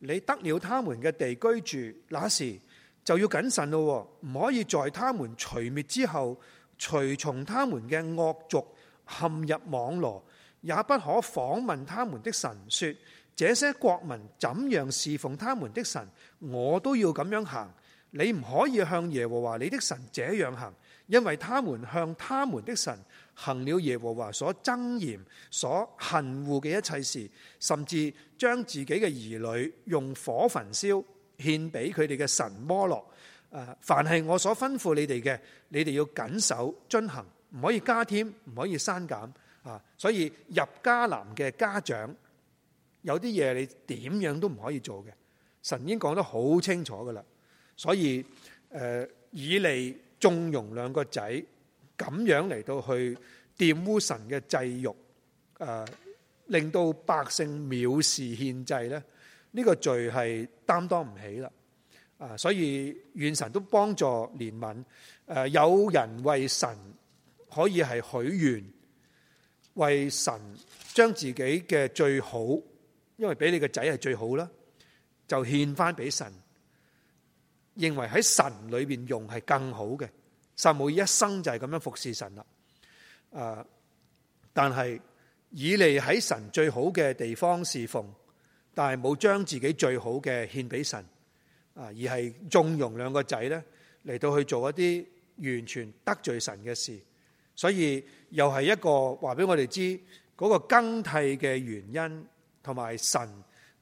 你得了他們嘅地居住，那時。就要謹慎咯，唔可以在他們除滅之後，隨從他們嘅惡俗陷入網羅，也不可訪問他們的神，說這些國民怎樣侍奉他們的神，我都要咁樣行。你唔可以向耶和華你的神這樣行，因為他們向他們的神行了耶和華所憎嫌、所恨惡嘅一切事，甚至將自己嘅兒女用火焚燒。獻俾佢哋嘅神摩洛，誒，凡係我所吩咐你哋嘅，你哋要謹守遵行，唔可以加添，唔可以刪減啊！所以入迦南嘅家長，有啲嘢你點樣都唔可以做嘅，神已經講得好清楚噶啦。所以誒、呃，以利縱容兩個仔咁樣嚟，到去玷污神嘅祭肉，誒、呃，令到百姓藐視獻祭咧。呢、這個罪係擔當唔起啦，啊！所以願神都幫助憐憫。誒，有人為神可以係許願，為神將自己嘅最好，因為俾你個仔係最好啦，就獻翻俾神，認為喺神裏面用係更好嘅。撒母耳一生就係咁樣服侍神啦。誒，但係以利喺神最好嘅地方侍奉，但係冇將自己最好嘅獻俾神，啊，而係縱容兩個仔呢嚟到去做一啲完全得罪神嘅事，所以又係一個話俾我哋知嗰個更替嘅原因，同埋神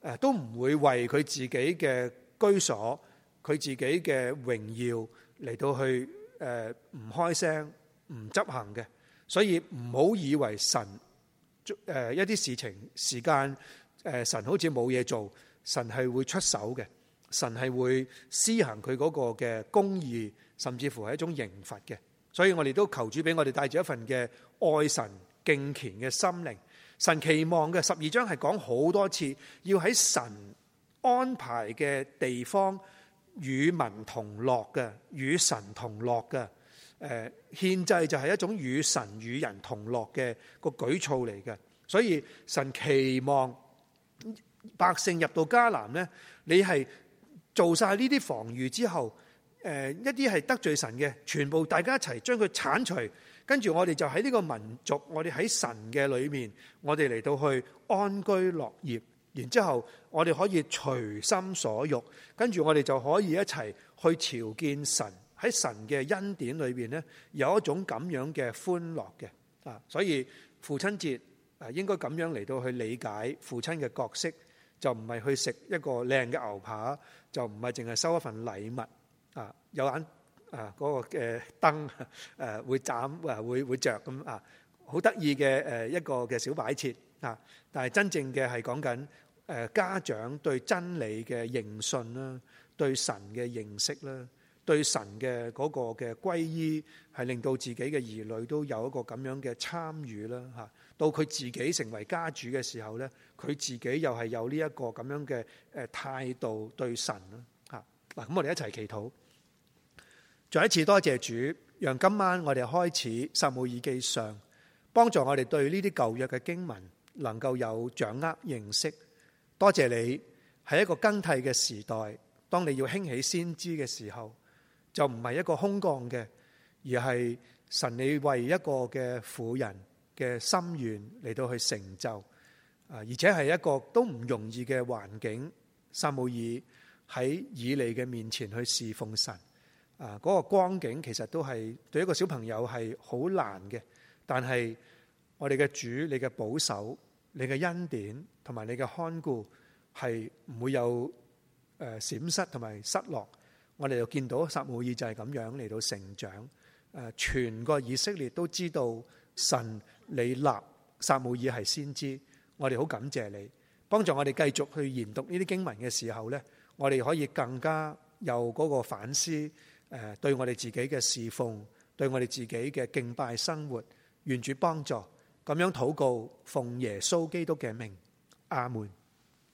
誒都唔會為佢自己嘅居所、佢自己嘅榮耀嚟到去誒唔開聲、唔執行嘅，所以唔好以為神誒一啲事情時間。誒，神好似冇嘢做，神係會出手嘅，神係會施行佢嗰個嘅公義，甚至乎係一種刑罰嘅。所以我哋都求主俾我哋帶住一份嘅愛神敬虔嘅心靈。神期望嘅十二章係講好多次，要喺神安排嘅地方與民同樂嘅，與神同樂嘅。誒、呃，獻祭就係一種與神與人同樂嘅個舉措嚟嘅。所以神期望。百姓入到迦南呢，你係做晒呢啲防禦之後，誒，一啲係得罪神嘅，全部大家一齊將佢鏟除，跟住我哋就喺呢個民族，我哋喺神嘅裏面，我哋嚟到去安居樂業，然之後我哋可以隨心所欲，跟住我哋就可以一齊去朝見神，喺神嘅恩典裏邊呢有一種咁樣嘅歡樂嘅啊！所以父親節。啊，應該咁樣嚟到去理解父親嘅角色，就唔係去食一個靚嘅牛扒，就唔係淨係收一份禮物啊！有眼啊，嗰個嘅燈誒會斬誒會會著咁啊，好得意嘅誒一個嘅小擺設啊！但係真正嘅係講緊誒家長對真理嘅認信啦，對神嘅認識啦，對神嘅嗰個嘅歸依係令到自己嘅兒女都有一個咁樣嘅參與啦嚇。到佢自己成為家主嘅時候呢，佢自己又係有呢一個咁樣嘅誒態度對神啦吓。嗱、啊，咁我哋一齊祈禱。再一次多謝主，讓今晚我哋開始撒母耳記上，幫助我哋對呢啲舊約嘅經文能夠有掌握認識。多謝你，係一個更替嘅時代，當你要興起先知嘅時候，就唔係一個空降嘅，而係神你為一個嘅婦人嘅心願嚟到去成就，啊，而且係一個都唔容易嘅環境。撒母耳喺以利嘅面前去侍奉神，啊，嗰個光景其實都係對一個小朋友係好難嘅。但係我哋嘅主，你嘅保守，你嘅恩典，同埋你嘅看顧，係唔會有誒閃失同埋失落。我哋就見到撒母耳就係咁樣嚟到成長。誒、啊，全個以色列都知道神。你立撒母耳係先知，我哋好感謝你，幫助我哋繼續去研讀呢啲經文嘅時候呢，我哋可以更加有嗰個反思，誒，對我哋自己嘅侍奉，對我哋自己嘅敬拜生活，願主幫助，咁樣禱告，奉耶穌基督嘅名，阿門。